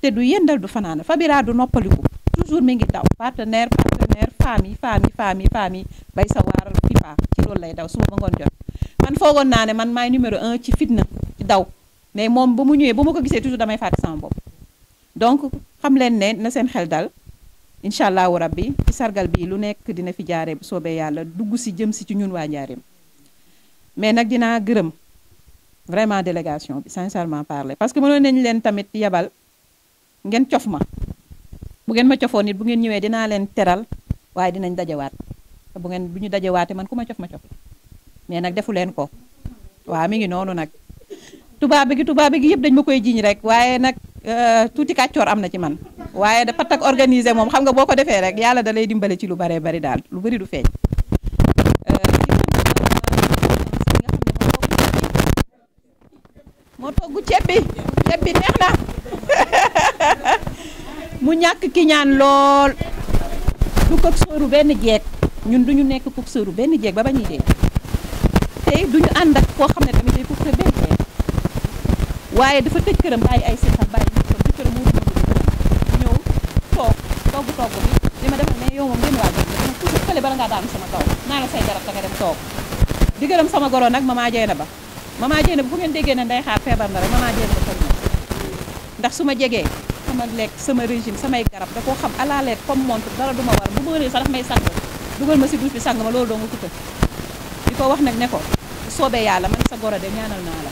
te du yëndal du fanana Fabira du noppaliku toujours mi ngi daw partenaire partenaire famille famille famille famille bay sa waaral pipa ci loolu lay daw su ba ngon jot man fogon naa man maay numéro un ci fitna ci daw mais mom bu mu ñëwé bu mako ko toujours damay fàtte sama bob donc xam leen ne na seen xel dal inshallah rabbi ci sargal bi lu nekk dina fi jaaree sobé yalla dugg si jëm si ci ñun waa njaareem mais nak dina gërëm vraiment délégation bi sincèrement parler parce que mënoon nañ leen tamit yabal ngeen cof ma bu ngeen ma cofoon nit bu ngeen ñëwee dinaa leen teral waaye dinañ dajewaat te bu ngeen bu ñu dajewaatee man ku ma cof ma cof mais nag defu leen ko waaw mi ngi noonu nag tubaabe gi tubaabe gi yëpp dañ ma koy jiiñ rek waaye nag euh, tuuti kàccoor am na ci man waaye dafa patak organisé moom xam nga boo ko defee rek yàlla da lay dimbale ci lu baree bari daal lu bari du feeñ euh, moo togg ceeb bi neex na mu ñàkk ki ñaan lool du ko sóoru benn jeeg ñun du ñu nekk ko sóoru benn jeeg ba ba ñuy dee te du ñu ànd ak koo xam ne tamit day ko sóor benn jeeg waaye dafa tëj këram bàyyi ay sixam bàyyi mosam ci togg togg bi li ma defal ne yow moom ngeen waa jënd dama toujours fële bala ngaa daanu sama kaw naa la say garab da nga dem toog di gërëm sama goro nag maman Dieng ba maman Dieng bu ngeen déggee ne nday xaar feebar na rek ma Dieng ba ndax su ma jegee sama lekk sama régime samay garab da koo xam à la lettre comme montre dara du ma war bu ma wëree sax daf may sang dugal ma si douche bi sang ma loolu doo ma kuta di ko wax nag ne ko soobee yàlla man sa goro de ñaanal naa la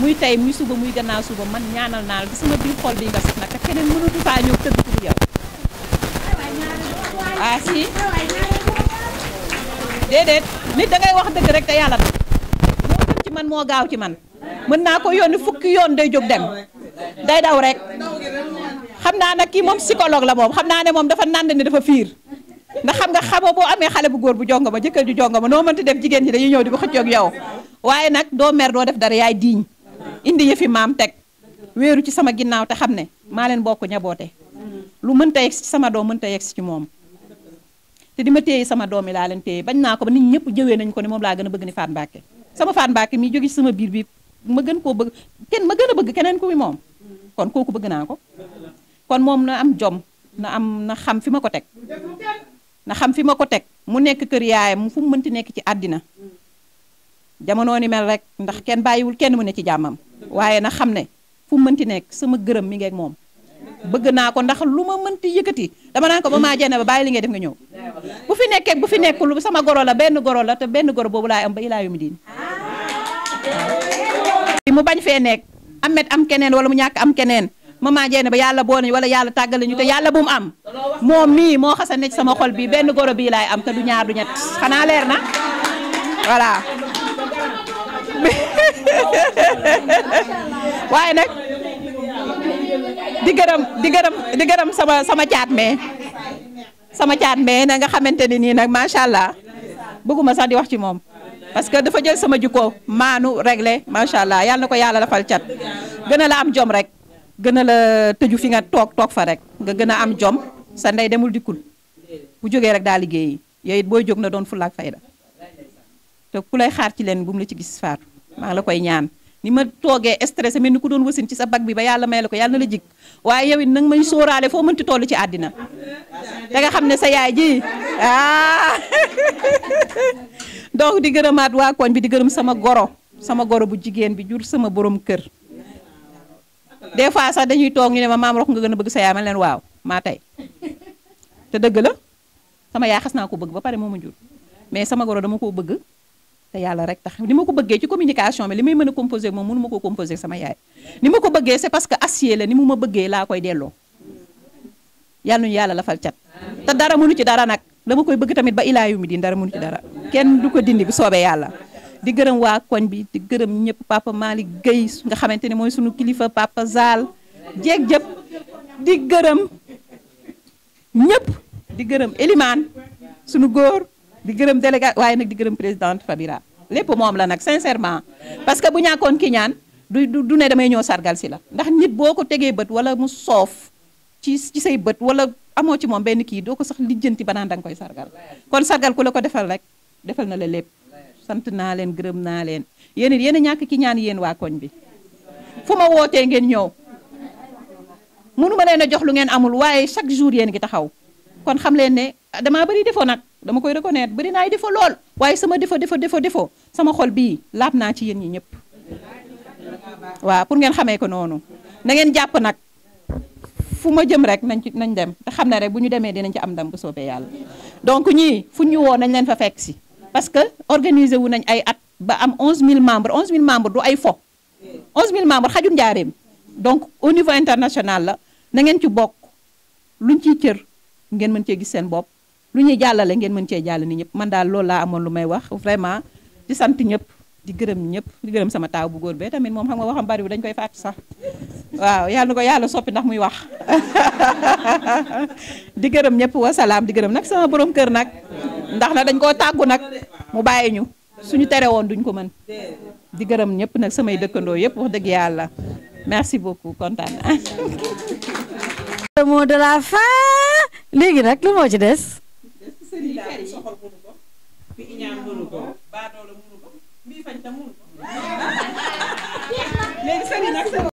muy tey muy suba muy gannaaw suba man ñaanal naa la te sama biir xol bi nga sax nag te keneen mënatu faa ñëw tëdd ko bu yow ah déedéet nit da wax dëgg rek te yàlla tax moo gën ci man moo gaaw ci man mën naa ko yónni fukki yoon day jóg dem day daw rek xam naa nag kii moom psychologue la moom xam naa ne moom dafa nand ne dafa fiir ndax xam nga xamoo boo amee xale bu góor bu jongo ma jëkkër ju jongo ma noo mënti def jigéen ñi dañuy ñëw di ko xëccoog yow waaye nag doo mer doo def dara yaay diiñ indi yëfi maam teg wéeru ci sama ginnaaw te xam ne maa leen bokk ñaboote lu mënta yegg ci sama doom mënta yegg ci moom te di ma téye sama doom yi laa leen téye bañ naa ko ba nit ñëpp jëwee nañ ko ne moom laa gën a bëgg ni Faat Mbàkke sama Faat Mbàkke mi jóge ci sama biir bi ma gën koo bëgg kenn ma gën a bëgg keneen ku mi moom kon kooku bëgg naa ko kon moom na am jom na am na xam fi ma ko teg na xam fi ma ko teg mu nekk kër yaayam fu mu mënti nekk ci àddina jamono ni mel rek ndax kenn bàyyiwul kenn mu ne ci jàmmam waaye na xam ne fu mu mënti nekk sama gërëm mi ngeeg moom bëgg naa ko ndax lu ma mënti yëkkati dama naan ko ba maa jene ba bàyyi li ngay def nga ñëw bu fi nekkee bu fi nekkul sama goro la benn goro la te benn goro boobu laay am ba ilaa yu mu diin mu bañ fee nekk amet am kenen wala mu ñak am ma ma jene ba yalla bo nañu wala yalla tagal ñu te yalla bu am moom mi mo xasa ci sama xol bi benn goro bi lay am te du ñaar du ñet xana leer na voilà waaye nak di gërëm di sama sama caat me sama caat me nga xamanteni ni nak ma sha allah bëgguma sax di wax ci mom parce que dafa jël sama jikko maanu réglé macha allah yàlla na ko yàlla dafal cat gën la am jom rek gën a la tëju fi nga toog toog fa rek nga gën a am jom sa ndey demul dikkul bu jógee rek daa liggéeyi yooyu booy jóg na doon fulla ak fayda te ku lay xaar ci leen bu mu la ci gis faatu maa ngi la koy ñaan ni ma toogee stressé mel ni ku doon wasin ci sa bag bi ba yàlla may la ko yàlla na la jig waaye yow it nag may sóoraale foo mënti toll ci àddina da xam ne sa yaay ah donc di gërëmaat waa koñ bi di gërëm sama goro sama goro bu jigéen bi jur sama borom kër des fois sax dañuy toog ñu ne ma maam rox nga gën a bëgg sa yaay ma leen waaw maa tey te dëgg la sama yaay xas naa ko bëgg ba pare moom ma jur mais sama goro dama koo bëgg te yàlla rek tax ni ma ko bëggee ci communication bi li may mën a composé moom mënu ma koo composé sama yaay ni ma ko bëggee c'est parce que acier la ni mu ma bëggee laa koy delloo yàlla ñu la fal cat te nag dama koy bëgg tamit ba ilaa yu mi din dara mënu ci dara kenn du ko dindi bu yalla di gërëm wa koñ bi di gërëm ñëpp papa malik gey nga xamanteni moy sunu kilifa papa Zal jeeg jëpp di gërëm ñëpp di gërëm eliman sunu goor di gërëm délégat waye nak di gërëm présidente Fabira lépp mom la nak sincèrement parce que bu ñàkkoon ki ñaan du du ne damay ñoo sargal si la ndax nit boko ko bëtt wala mu soof ci ci say bëtt wala amoo ci moom benn kii doo ko sax lijjanti ba naan danga koy sargal kon sargal ku la ko defal rek defal na la lépp sant naa leen gërëm naa leen yéen yéen ñàkk ki ñaan yéen waa koñ bi fu ma wootee ngeen ñëw mënu ma leen a jox lu ngeen amul waaye chaque jour yéen gi taxaw kon xam leen ne damaa bëri defoo nag dama koy reconnaître bari naay defoo lool waaye sama defo defo defo defo sama xol bii laab naa ci yéen ñi ñëpp waaw pour ngeen xamee ko noonu na ngeen jàpp nag fu ma jëm rek nañ ci nañ dem te xamna rek buñu démé dinañ ci am dam bu soobee yalla donc ñi fu ñu wo nañ leen fa fekk ci parce que organiser wu nañ ay at ba am 11000 membres 11000 membres du ay fo 11000 membres xajul njaareem donc au niveau international la na ngeen ci bok luñ ci cër ngeen mën ci gis seen bop luñu jallale ngeen mën ci jall ni ñep man daal lool la amon lu may wax vraiment di sante ñep di gërëm ñëpp di gërëm sama taw bu goor be tamit moom xam nga waxam wu dañ koy fàtt sax waaw yàlla na ko yàlla soppi ndax muy wax di gërëm ñëpp wa salaam di gërëm nag sama borom kër nag ndax na dañ koo tàggu nag mu bàyyi ñu suñu tere woon duñ ko mën di gërëm ñëpp nag samay dëkkandoo yëpp wax dëgg yàlla merci beaucoup kontaan naa de la fa léegi nag lu moo ci des xaj na mu léegi sëriñ nag